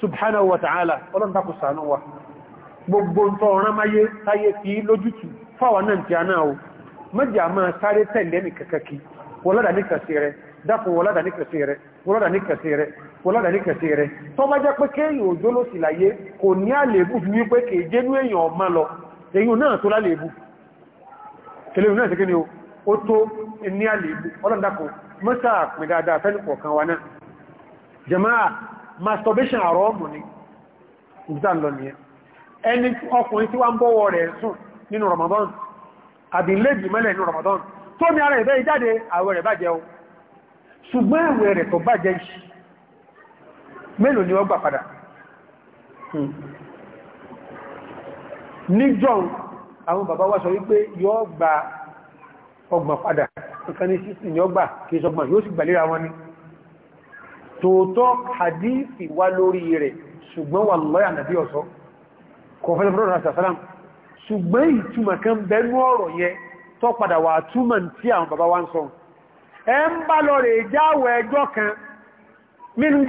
subhanahu wa ta'ala ọlọ́ntakù sànú wa gbogbo ń tọ́ ọ̀rán máyé fi lójútù fáwà náà tí a náà o mẹ́jà máa sáré tẹ̀lẹ́ ní kẹkẹkì wọlọ́dà ní kẹsì rẹ dákun wọlọ́dà ní kẹsì rẹ wọlọ́dà ní kẹsì fi ni o ó tó ní àlèébù mọ́sá pín dáadáa fẹ́lùpọ̀ kan wa náà jẹmáà masturbation àrọ́ ọmọ ni ìgbàlọ ni ẹni ọkùnrin tí wá ń bọ́wọ́ rẹ̀ sùn nínú Ramadan àbílẹ́bì mẹ́lẹ̀ nínú Ramadan tó ní ara ìbẹ́ ìjáde àwẹ̀ rẹ̀ bàjẹ́ o ṣùgbọ́n ìwẹ̀ rẹ̀ tó bàjẹ́ ìṣì mélòó ni wọ́n gbà padà hmm. níjọ́ àwọn bàbá wa sọ wípé yóò gba ọgbọ̀n padà nǹkan ní sísì ní ọgbà kìí sọgbọ̀n yóò sì gbàlera wọn ni tòótọ́ hadithi wá lórí rẹ̀ ṣùgbọ́n wà lọ́yà nàbí ọ̀sọ́ ṣùgbọ́n ìtumọ̀ kan bẹnu ọ̀rọ̀ yẹn tó padà wà túmọ̀ tí àwọn bàbá wa ń sọ ẹ ń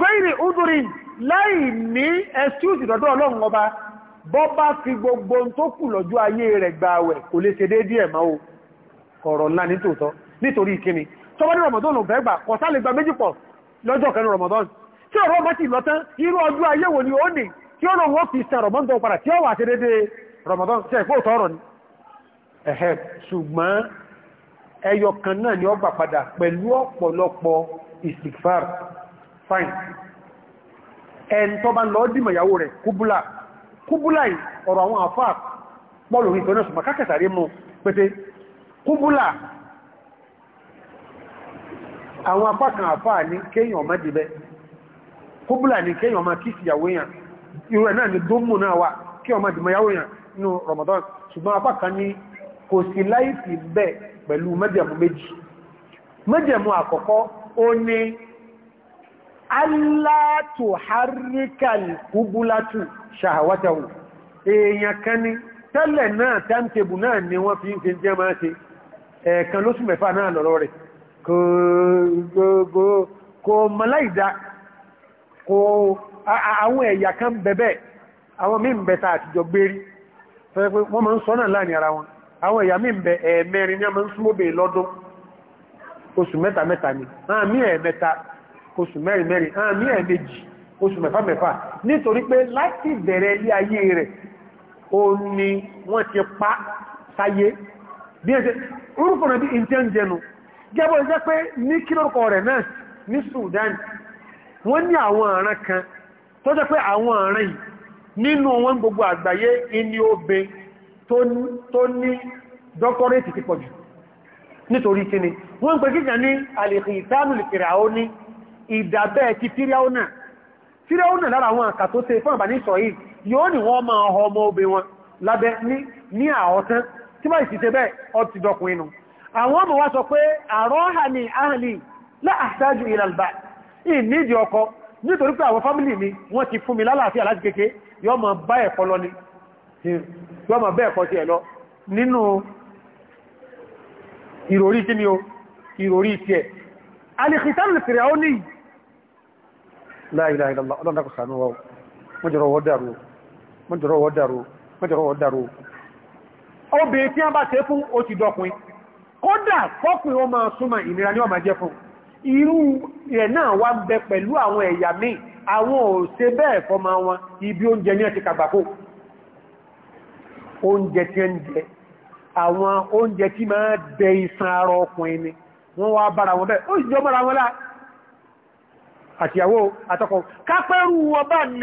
bá udurin láì ní ẹ̀sùsì lọ́dọ̀ ọlọ́run ọba bọ́ bá fi gbogbo tó kù lọ́jọ́ ayé rẹ̀ gbàwẹ̀ kò lè ọ̀rọ̀ ńlá ní tòótọ́ nítorí kíni tó bá ní Ramadan ló fẹ́ gbà kò sá lè gba méjì pọ̀ lọ́jọ́ kẹnu Ramadan tí ọ̀rọ̀ bá ti lọ́tán irú ọdún ayé wo ni ó nì tí ó lòun ó fi san Ramadan padà tí ó wà ṣe dédé Ramadan tí ẹ̀pọ̀ tọrọ ni ẹ̀hẹ́ ṣùgbọ́n ẹyọ kan náà ni ó gbà padà pẹ̀lú ọ̀pọ̀lọpọ̀ istighfar fine ẹn tó bá lọ dìmọ̀ ìyàwó rẹ̀ kúbúlà kúbúlà ọ̀rọ̀ àwọn àfáà pọ̀lù ìgbẹ̀nà ṣùgbọ́n kákẹ̀sàrí mú pété kúbúlà àwọn apákan àfáà ní kéyàn ọmọ jìbẹ́ kúbúlà ní kéyàn ọmọ kífì yàwó èèyàn irú ẹ̀ náà ni dómù náà wà kí ọmọ jìmọ̀ yàwó èèyàn nínú Ramadan ṣùgbọ́n apákan ní kò sí láìsí bẹ́ pẹ̀lú mẹ́jẹ̀mú méjì mẹ́jẹ̀mú àkọ́kọ́ ó ní ẹ̀ẹ̀kan lóṣù mẹ́fà náà lọ́rọ̀ rẹ̀ kò mọ́láìdá kò àwọn ẹ̀yà kan bẹ̀bẹ̀ àwọn mí ń ta àtijọ́ gbérí wọ́n máa ń sọ náà láàrin ara wọn àwọn ẹ̀yà mí ń bẹ ẹ̀ẹ̀mẹ́rin ní a máa ń súnmọ́bẹ̀ lọ́dún oṣù ni nítorí pé láti bẹ̀rẹ̀ ilé ayé rẹ̀ o ni wọ́n ti pa sáyé bí ẹ̀ṣẹ́ orúkọ náà bí intan jẹnu gẹ́bọ̀ ẹ̀ṣẹ́ pé ní kílọ̀kọ̀ rẹ̀ náà ní Sudan wọ́n ní àwọn ààrẹ kan tó jẹ́ pé àwọn ààrẹ yìí nínú wọn gbogbo àgbáyé inú obe tó ní dọ́kọ́rẹ́tì ti pọ̀jù nítorí kíni wọ́n pẹ̀ kíkà ní alìkìtánù lìfìràóní ìdàbẹ́ ti fíráúnà fíráúnà lára àwọn àkà tó ṣe fún àbà ní sọ̀yí yóò ní wọ́n máa ọmọ obè wọn lábẹ́ ní àọ́tán tí máa ìsìsẹ́ bẹ́ ọtí dọkùn inú àwọn ọmọ wá sọ pé àrọ́hà ní ahìlì láàájú ìrànlbà ìnídìí ọkọ nítorí pé àwọn fámílì mi wọ́n ti fún mi lálàáfíà láti kéèké yọ́ ma bá ẹ̀kọ́ lọ ní yọ́ ma bá ẹ̀kọ́ ti ẹ̀ lọ nínú ìròrí tí ni o ìròrí tí ẹ̀ obìnrin tí wọ́n bá tẹ́ fún ó ti dọkùn kódà fọ́kùn ó máa súnmọ̀ ìnira ní ọmọ jẹ́ fún irú rẹ̀ náà wá bẹ pẹ̀lú àwọn ẹ̀yà míì àwọn ò ṣe bẹ́ẹ̀ fọ́mọ wọn ibi oúnjẹ ní ẹ̀tí kàgbàkó oúnjẹ tí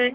ń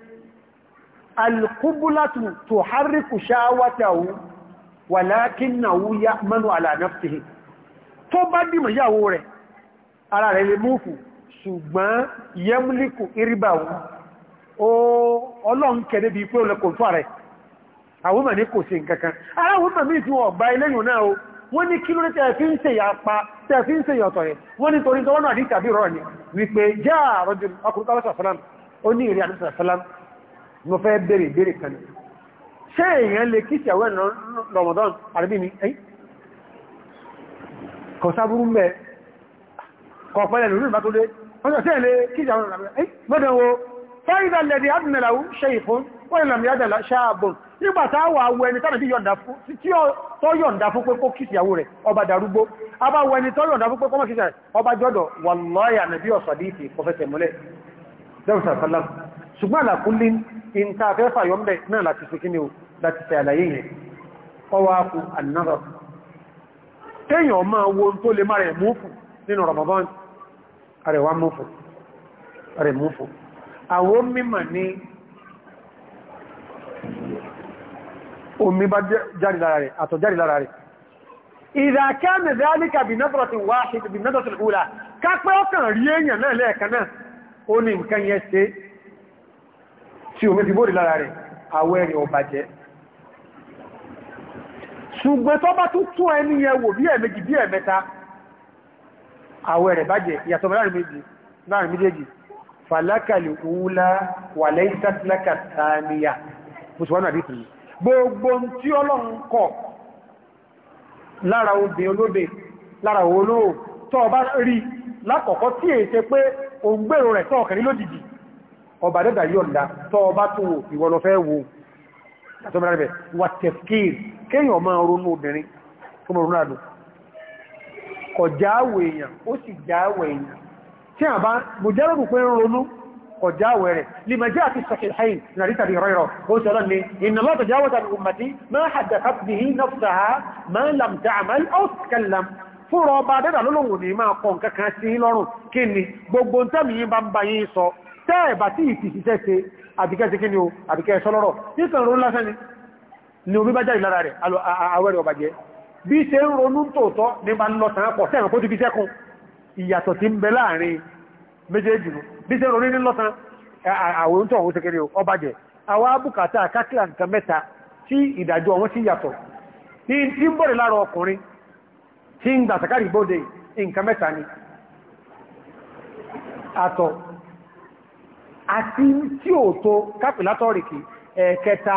القبلة تحرك شاوته ولكنه يأمن على نفسه tó bá dìmọ̀ yàwó rẹ̀ ara rẹ̀ lè múfù ṣùgbọ́n yẹmúlìkù iríbàwó o ọlọ́run kẹ́dẹ́ bí pé olẹ́kò fún ààrẹ àwọn mẹ́rin kò sí nǹkankan ara wọn mẹ́rin tí wọ́n bá iléyìn náà o wọ́n ní kí ló ní tẹ́ẹ̀fí ń ṣe yàpa tẹ́ẹ̀fí ń ṣe yọ̀tọ̀ rẹ̀ wọ́n ní torí tọ́wọ́nà àdí rọ̀ ni wípé jáà rọ́jùn ọkùnrin tọ́lọ́sà fẹ́lám ó ní ìrìn àdúsà mo fẹ́ bèèrè bèèrè kan ṣé èèyàn lè kí ìṣẹ̀wẹ̀ Ramadan àríbí ni ẹ́yìn kò sáburú mẹ́ kọ̀ pẹ́lẹ̀ lórí ìbá tó dé wọ́n tẹ́ lè kí ìṣẹ̀wẹ̀ Ramadan ẹ́yìn mọ́dán wo fáyídà lẹ́dí adìnàláwú ṣe ìfún wọ́n ìlànà yádàlá ṣáàbùn nígbà tá wà wọ ẹni tánàbí tó yọ̀ǹda fún pé kó kí ìyàwó rẹ̀ ọba darúgbó a bá wọ ẹni tó yọ̀ǹda fún pé kọ́mọ̀ kí ìyàwó rẹ̀ ọba ṣùgbọ́n àlàkúnlé in ta fẹ́ fàyọ́mdẹ̀ náà láti fi kíni o láti fẹ́ àlàyé yẹn ọwá kú annára kéèyàn máa wo tó lè máa rẹ̀ múfù nínú Ramadan àrẹ̀wá múfù rẹ̀ múfù àwọn mímọ̀ ní omi bá jáde lára rẹ̀ àtọ̀ jáde bí nọ́tọ̀tì wá ṣe bí nọ́tọ̀tì ìhúlà kápẹ́ tí omi fi bóòrì lára rẹ̀ àwẹ́ rẹ̀ ọba jẹ́ ṣùgbọ́n tó bá tún tún ẹni yẹ wò bí ẹ̀mẹ́jì bí ẹ̀mẹ́ta àwẹ́ rẹ̀ bàjẹ́ ìyàtọ̀ láàrin méjèèjì fàlákàlì òwúlá wà lẹ́yìn tàtílákà tàníyà mùsùlùmí àdìtì gbogbo tí ọlọ́run kọ̀ lára obìn olóbe lára olóò tó bá ọba dẹ́dà yọ̀nda tọ́ ọba tó ìwọ̀n fẹ́ wo àtọ́mọ̀lá rẹ̀ wà tẹ̀fkìr kéèyàn máa ronú obìnrin tó mọ̀ ronú àdó kọ̀ jáwò èèyàn ó sì jáwò èèyàn tí a bá bùjáròrò pé ronú kọ̀ jáwò rẹ̀ lè máa jẹ́ àti sọ̀kìlhain nàrítàrí rọrọ̀ ó sọ lọ́ni ìnàlọ́ tàjáwọ́ta ní ummati máa hàdàkà bí i nafsaha máa lam ta'amal aw tkallam fúnra ọba dẹ́dà tẹ́ẹ̀bà tí ìtìsíṣẹ́ ṣe àbíkẹ́ ṣe kí ni o àbíkẹ́ sọ́lọ́rọ̀ nìkan ronú lásán ni ni omi bá jáde lára rẹ̀ àwẹ́rẹ̀ ọbàjẹ́ bí ṣe ń ronú tòótọ́ ní ma ń lọ tàn pọ̀ sẹ́ẹ̀mọ̀ kó ti fi sẹ́kùn ìyàtọ̀ tí ń bẹ láàrin méjèèjì nù bí ṣe ronú ní lọ́tàn àwẹ̀ ń tọ̀hún ṣe kí ni o ọbàjẹ́ àwọn abùkátà kákìlà nǹkan mẹ́ta tí ìdájọ́ wọn sì yàtọ̀ ní tí ń bọ̀rẹ̀ lára àti tí ò tó kápìlá tọ́rìkì ẹ̀kẹta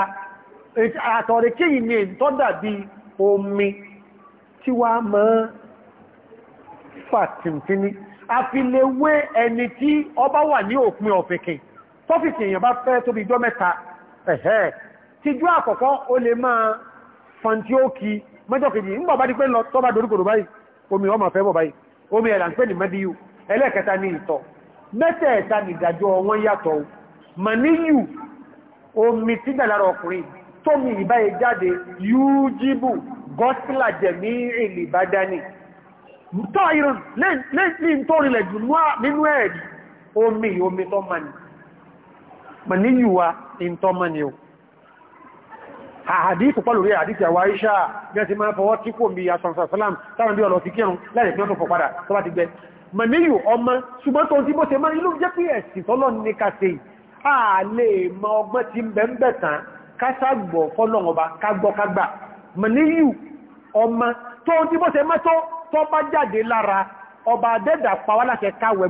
àtọ̀rìkì yìí ni tó dàbí omi tí wá mọ́ fàtìmfini a fi lè wé ẹni tí ọba wà ní òpin ọ̀fẹ́kì tọ́fìsì èèyàn bá fẹ́ tóbi jọ mẹ́ta ẹ̀hẹ́ tíjú àkọ́kọ́ ó lè máa fantíókì mẹ́jọ kejì ńgbà bá di pé lọ tọ́bá doríkòrò báyìí omi ọmọ fẹ́ bọ̀ báyìí omi ẹ̀là ń pè ní mẹ́díyù ẹlẹ́ẹ̀kẹta ní ìtọ̀ mẹ́tẹ̀ẹ̀ta nìdàjọ́ wọn yàtọ̀ màníyù omi tí dàlára ọkùnrin tómi ìbáyé jáde yújíbù gọ́sílà jẹ̀mí ìlìbádání tọ́ irun lẹ́yìn tó rílẹ̀ jù nínú ẹ̀rí omi omi tó mani màníyù wa in tó mani o àhàdí ìpùpá lórí àdí ìyàwó àríṣà bí a ti máa fọwọ́ tí kò mi àṣàṣàṣàlám táwọn bí ọlọ́ ti kírun láìpẹ́ tó fọ̀ padà tó bá ti gbẹ mẹ̀míyù ọmọ ṣùgbọ́n tó ń tí bó ṣe máa inú jẹ́ pé ẹ̀sìn tọ́lọ́ ní kàṣe à lè mọ ọgbọ́n ti ń bẹ̀ ń bẹ̀ tán káṣàgbọ̀ fọ́lọ́ọba kágbọ́kágbà mẹ̀míyù ọmọ tó ń tí bó ṣe mẹ́tọ́ tó bá jáde lára ọba adẹ́dà pàwálàṣẹ káwẹ̀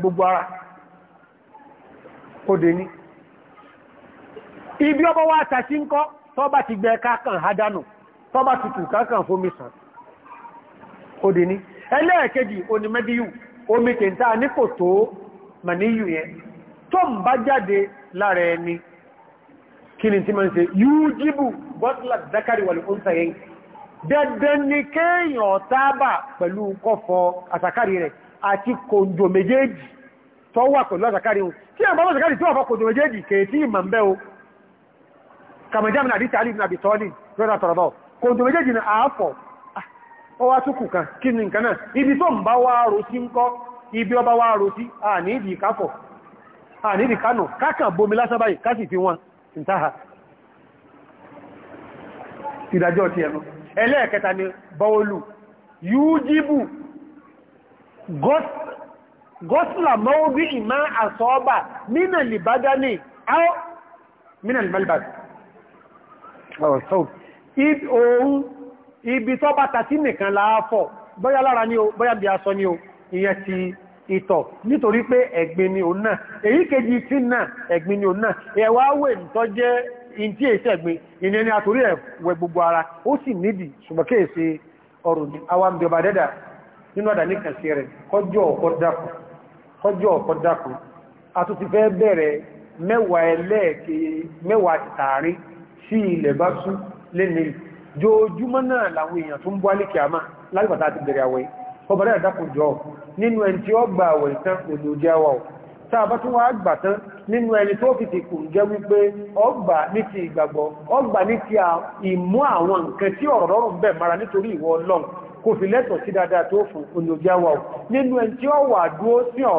onímẹ́díyù omi tèntà ní kò tó màníyù yẹn tó ń bá jáde lára ẹni kí ni tí ma ń ṣe yíú jíbù bọ́tílà zakari wà lókún sàyẹn dandan ni kéèyàn tábà pẹ̀lú kọfọ àsàkárì rẹ̀ àti kòndò méjèèjì tó wà pẹ̀lú àsàkárì ohun tí a bá bọ́ àsàkárì tó wà fọ́ kòndò méjèèjì kèétí ìmọ̀ kòndò méjèèjì ni àáfọ̀ ó wá túkù kan kí ni nǹkan náà ibi tó ń bá wá rò sí ń kọ́ ibi ọba wá rò sí àníìdì ìkáfọ̀ àníìdì kánà kákàn bomi lásán báyìí kásì fi wọn ìntáha ìdájọ́ ti ẹnu ẹlẹ́ẹ̀kẹta ni bọ́ọ̀lù yújíbù gọ́sìlà mọ́wọ́bí ìmá àsọ́ọ́bà nínà lìbádání áọ́ ibi tó bá tàtí nìkan láàfọ̀ bóyá lára ní o bóyá bí aṣọ ní o ìyẹn ti ìtọ̀ nítorí pé ẹ̀gbin ni òun náà èyí kejì tí náà ẹ̀gbin ni òun náà ẹ̀wà wè tó jẹ́ ìntí èsì ẹ̀gbin ìní ni àtòrí ẹ̀wẹ̀ gbogbo ara ó sì nídìí ṣùgbọ́n kéèsì ọrùn jòjúmọ́ náà làwọn èèyàn tó ń bọ́ alìkì àmá lágbàtà àti bẹ̀rẹ̀ àwẹ̀ ọbẹ̀rẹ̀ àdákùnjọ́ nínú ẹni tí ó gba àwẹ̀ ìtàn òjòjẹ́ àwọ̀ tàbá tún wá gbàtán nínú ẹni tó fi ti jẹ́ wípé ọgbà ní ti ìgbàgbọ́ ọgbà ní mara nítorí ìwọ Ọlọ́run kò fi lẹ́tọ̀ sí dáadáa tó fún olójáwà ò nínú ẹni tí ó wà dúó sí ọ̀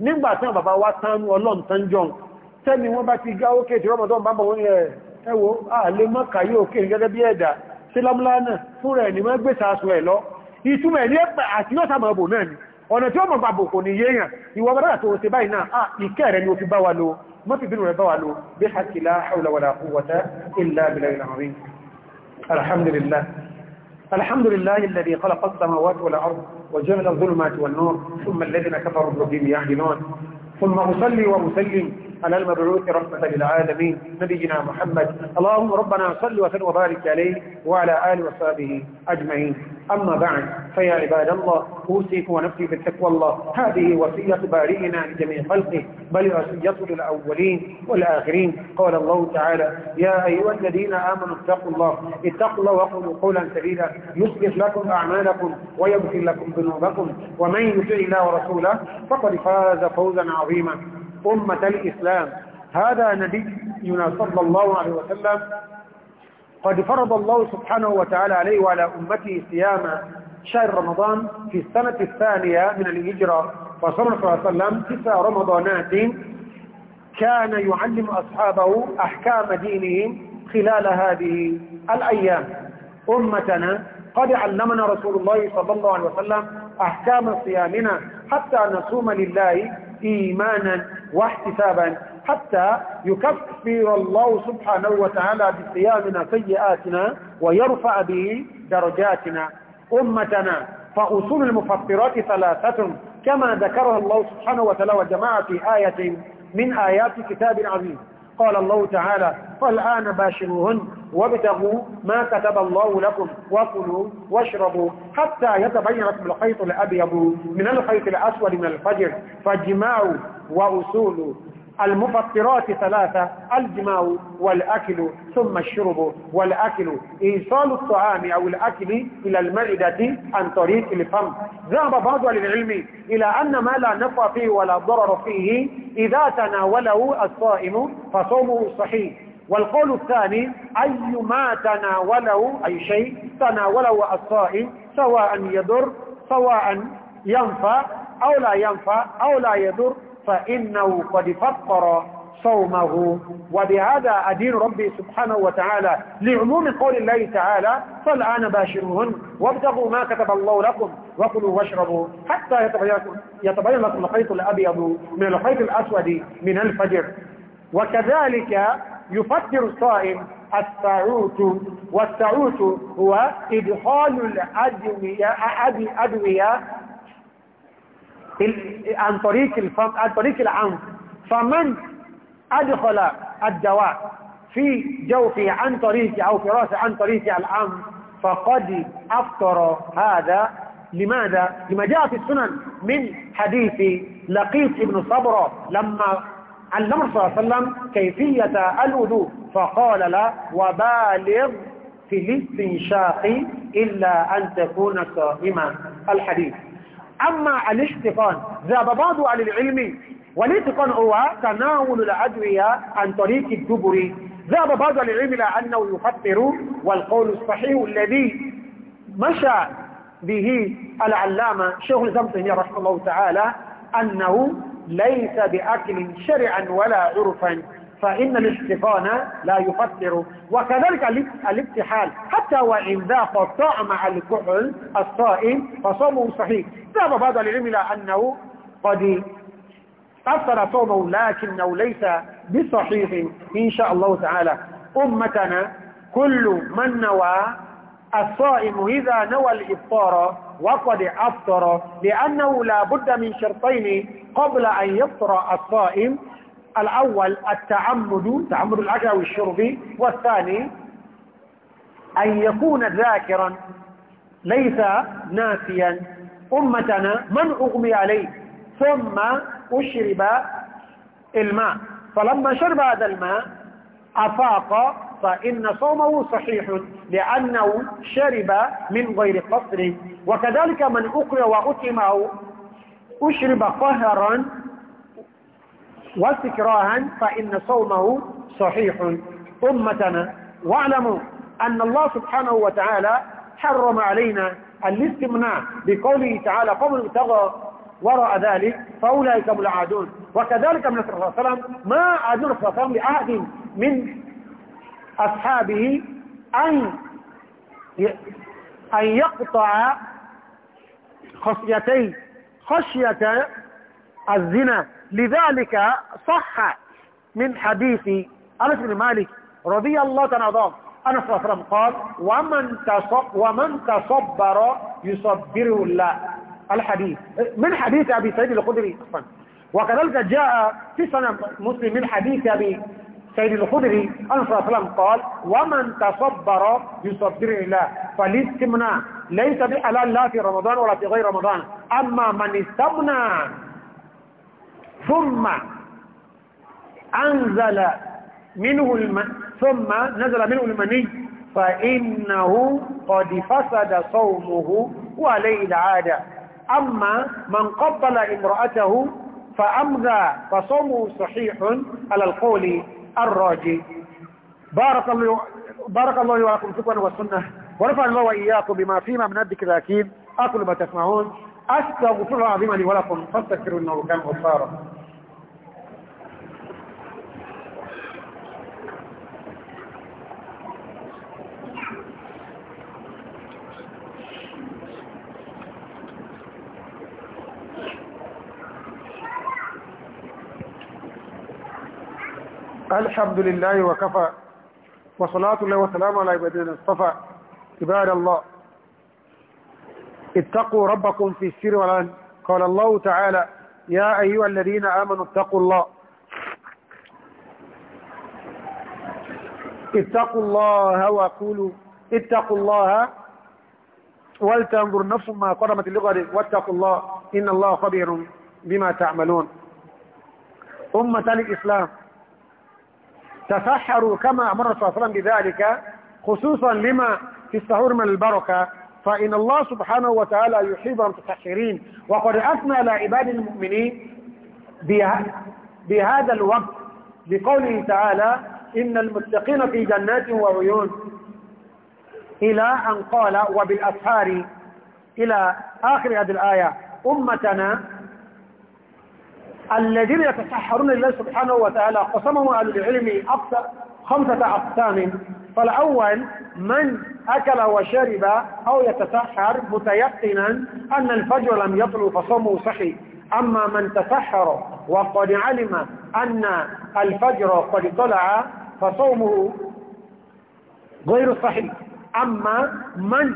nígbà tí bàbá wá tánú ọlọ́n tánjọ́n tẹ́mi wọ́n bá ti gá ókè tí rọ́mọdán bá bọ̀ wọ́n yẹ eh, ẹwọ́ ààlé mọ́kà yóò kè gẹ́gẹ́ bí ẹ̀dà sí lámúlánà fún rẹ̀ ní mọ́ gbé sàásù ẹ̀ lọ ìtumọ̀ ní ẹ̀pẹ̀ àti yóò sàmọ̀ ọbọ̀ náà ni ọ̀nà tí ó mọ̀ bàbò kò ní yéèyàn ìwọ bàbá tó ṣe báyìí náà à ah, ìkẹ́ rẹ̀ ni ó fi bá وجعل الظلمات والنور ثم الذين كفروا بربهم يعدلون ثم أصلي وأسلم على المبعوث رحمة للعالمين نبينا محمد اللهم ربنا صل وسلم وبارك عليه وعلى آله وصحبه أجمعين أما بعد فيا عباد الله أوصيكم ونفسي بتقوى الله هذه وصية بارئنا لجميع خلقه بل وصية للأولين والآخرين قال الله تعالى يا أيها الذين آمنوا اتقوا الله اتقوا الله وقولوا قولا سديدا يصلح لكم أعمالكم ويغفر لكم ذنوبكم ومن يطع الله ورسوله فقد فاز فوزا عظيما أمة الإسلام هذا نبينا صلى الله عليه وسلم قد فرض الله سبحانه وتعالى عليه وعلى أمته صيام شهر رمضان في السنة الثانية من الهجرة فصلى الله عليه وسلم تسع رمضانات كان يعلم أصحابه أحكام دينهم خلال هذه الأيام أمتنا قد علمنا رسول الله صلى الله عليه وسلم أحكام صيامنا حتى نصوم لله إيمانا واحتسابا حتى يكفر الله سبحانه وتعالى بصيامنا سيئاتنا ويرفع به درجاتنا أمتنا فأصول المفطرات ثلاثة كما ذكرها الله سبحانه وتعالى وجماعة في آية من آيات كتاب عظيم قال الله تعالى فالآن باشروهن وابتغوا ما كتب الله لكم وكلوا واشربوا حتى يتبينكم الخيط الأبيض من الخيط الأسود من الفجر فاجمعوا وأصولوا المفطرات ثلاثة الجماع والأكل ثم الشرب والأكل إيصال الطعام أو الأكل إلى المعدة عن طريق الفم ذهب بعض العلم إلى أن ما لا نفع فيه ولا ضرر فيه إذا تناوله الصائم فصومه صحيح والقول الثاني أي ما تناوله أي شيء تناوله الصائم سواء يضر سواء ينفع أو لا ينفع أو لا يضر فإنه قد فطر صومه وبهذا أدين ربي سبحانه وتعالى لعموم قول الله تعالى فالآن باشرهن وابتغوا ما كتب الله لكم وكلوا واشربوا حتى يتبين لكم الخيط الأبيض من الخيط الأسود من الفجر وكذلك يفطر الصائم السعوت والسعوت هو إدخال الأدوية, أدوية عن طريق الفم عن طريق العنف فمن أدخل الدواء في جوفه عن طريق أو في رأسه عن طريق العنف فقد أفطر هذا لماذا؟ لما جاء في السنن من حديث لقيس ابن صبر لما علم صلى الله عليه وسلم كيفية الوضوء فقال لا وبالغ في الاستنشاق إلا أن تكون صائما الحديث أما الاشتقان ذهب بعض أهل العلم والاتقان هو تناول الأدوية عن طريق الدبر ذهب بعض أهل العلم إلى أنه والقول الصحيح الذي مشى به العلامة شيخ الإسلام رحمه الله تعالى أنه ليس بأكل شرعا ولا عرفا فإن الاحتقان لا يفسر وكذلك الابتحال حتى وإن ذاق الطعم الكحل الصائم فصومه صحيح ذهب بعض العلم إلى أنه قد أثر صومه لكنه ليس بصحيح إن شاء الله تعالى أمتنا كل من نوى الصائم إذا نوى الإفطار وقد أفطر لأنه لا بد من شرطين قبل أن يفطر الصائم الأول التعمد تعمد الأكل والشرب والثاني أن يكون ذاكرا ليس ناسيا أمتنا من أغمي عليه ثم أشرب الماء فلما شرب هذا الماء أفاق فإن صومه صحيح لأنه شرب من غير قصر وكذلك من أقرأ وأتمه أشرب قهرا واستكراها فإن صومه صحيح أمتنا واعلموا أن الله سبحانه وتعالى حرم علينا الاستمناء بقوله تعالى قبل ابتغى وراء ذلك فأولئك هم العادون وكذلك من صلى الله عليه وسلم ما عادون صلى الله عليه وسلم لأحد من أصحابه أن أن يقطع خصيتي خشية الزنا لذلك صح من حديث أنس بن مالك رضي الله تنظام أنس صلى الله عليه وسلم قال ومن, تصب ومن تصبر يصبره الله الحديث من حديث أبي سيد الخدري وكذلك جاء في سنة مسلم من حديث أبي سيد الخدري أنس صلى الله عليه وسلم قال ومن تصبر يصبره الله فالاستمناء ليس بحلال لا في رمضان ولا في غير رمضان أما من استمنى ثم أنزل منه الم... ثم نزل منه المني فإنه قد فسد صومه وعليه العادة أما من قبل امرأته فأمذى فصومه صحيح على القول الراجي بارك الله بارك الله ولكم في القرآن والسنة ورفع الله وإياكم بما فيما من الذكر الأكيد أقول ما تسمعون أستغفر الله العظيم لي ولكم فاستغفروا إنه كان غفارا الحمد لله وكفى وصلاة الله وسلامه على عبادنا اصطفى عباد الله اتقوا ربكم في السر والعلن قال الله تعالى يا أيها الذين آمنوا اتقوا الله اتقوا الله وقولوا اتقوا الله ولتنظر نفس ما قدمت لغد واتقوا الله إن الله خبير بما تعملون أمة الإسلام تسحروا كما أمر صلى الله عليه وسلم بذلك خصوصا لما في السحور من البركة فإن الله سبحانه وتعالى يحب المتسخرين وقد أثنى على عباد المؤمنين بهذا الوقت بقوله تعالى إن المتقين في جنات وعيون إلى أن قال وبالأسهار إلى آخر هذه الآية أمتنا الذين يتسحرون لله سبحانه وتعالى قسمهم أهل العلم أكثر خمسة أقسام فالأول من أكل وشرب أو يتسحر متيقنا أن الفجر لم يطل فصومه صحي أما من تسحر وقد علم أن الفجر قد طلع فصومه غير صحيح أما من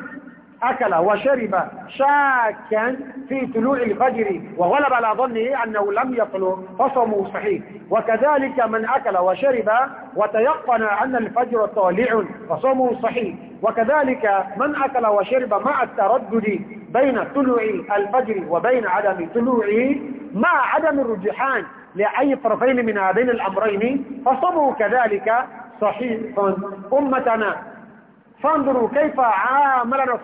أكل وشرب شاكا في طلوع الفجر وغلب على ظنه أنه لم يطلع فصمه صحيح وكذلك من أكل وشرب وتيقن أن الفجر طالع فصمه صحيح وكذلك من أكل وشرب مع التردد بين طلوع الفجر وبين عدم طلوعه مع عدم الرجحان لأي طرفين من هذين الأمرين فصمه كذلك صحيح أمتنا فانظروا كيف عاملنا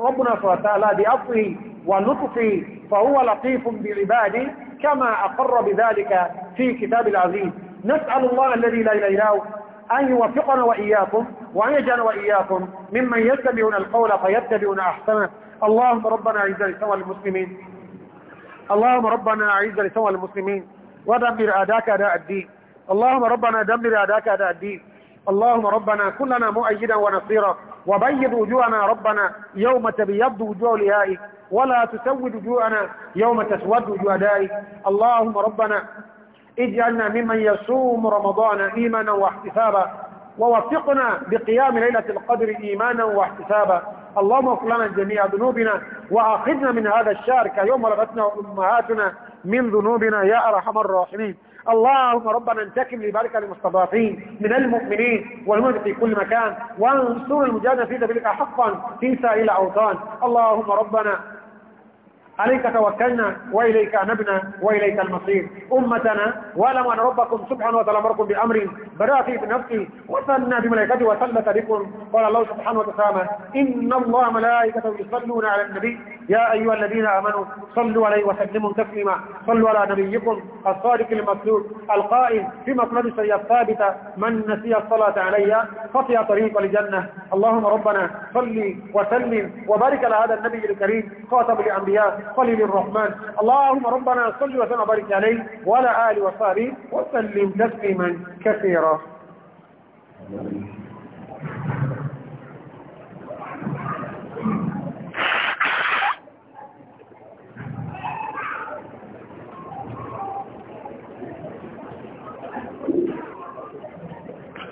ربنا سبحانه وتعالى بعفوه ولطفه فهو لطيف بعباده كما أقر بذلك في كتاب العزيز نسأل الله الذي لا إله إلا هو أن يوفقنا وإياكم وأن يجعلنا وإياكم ممن يتبعون القول فيتبعون أحسنه اللهم ربنا أعز الإسلام المسلمين اللهم ربنا أعز الإسلام المسلمين ودمر أداك أداء الدين اللهم ربنا دمر أداك أداء الدين اللهم ربنا كلنا مؤيدا ونصيرا وبيض وجوهنا ربنا يوم تبيض وجوه لهائك ولا تسود وجوهنا يوم تسود وجوه دائك اللهم ربنا اجعلنا ممن يصوم رمضان إيمانا واحتسابا ووفقنا بقيام ليلة القدر إيمانا واحتسابا اللهم اغفر لنا جميع ذنوبنا وأخذنا من هذا الشهر كيوم رغتنا أمهاتنا من ذنوبنا يا أرحم الراحمين اللهم ربنا انتكم لبارك المستضعفين من المؤمنين والمؤمنين في كل مكان وانصر المجاهدين في سبيلك حقا في سائر الاوطان اللهم ربنا عليك توكلنا وإليك أنبنا وإليك المصير أمتنا ولم أن ربكم سبحانه وتعالى أمركم بأمر برأتي بنفسي وثنى بملائكته وثلث بكم قال الله سبحانه وتعالى إن الله ملائكته يصلون على النبي يا أيها الذين آمنوا صلوا عليه وسلموا تسليما صلوا على نبيكم الصادق المسلول القائم في مصمد الشريعة الثابتة من نسي الصلاة علي خطي طريق الجنة اللهم ربنا صلي وسلم وبارك على هذا النبي الكريم خاتم الأنبياء خليل الرحمن اللهم ربنا صل وسلم وبارك عليه وعلى آله وصحبه وسلم تسليما كثيرا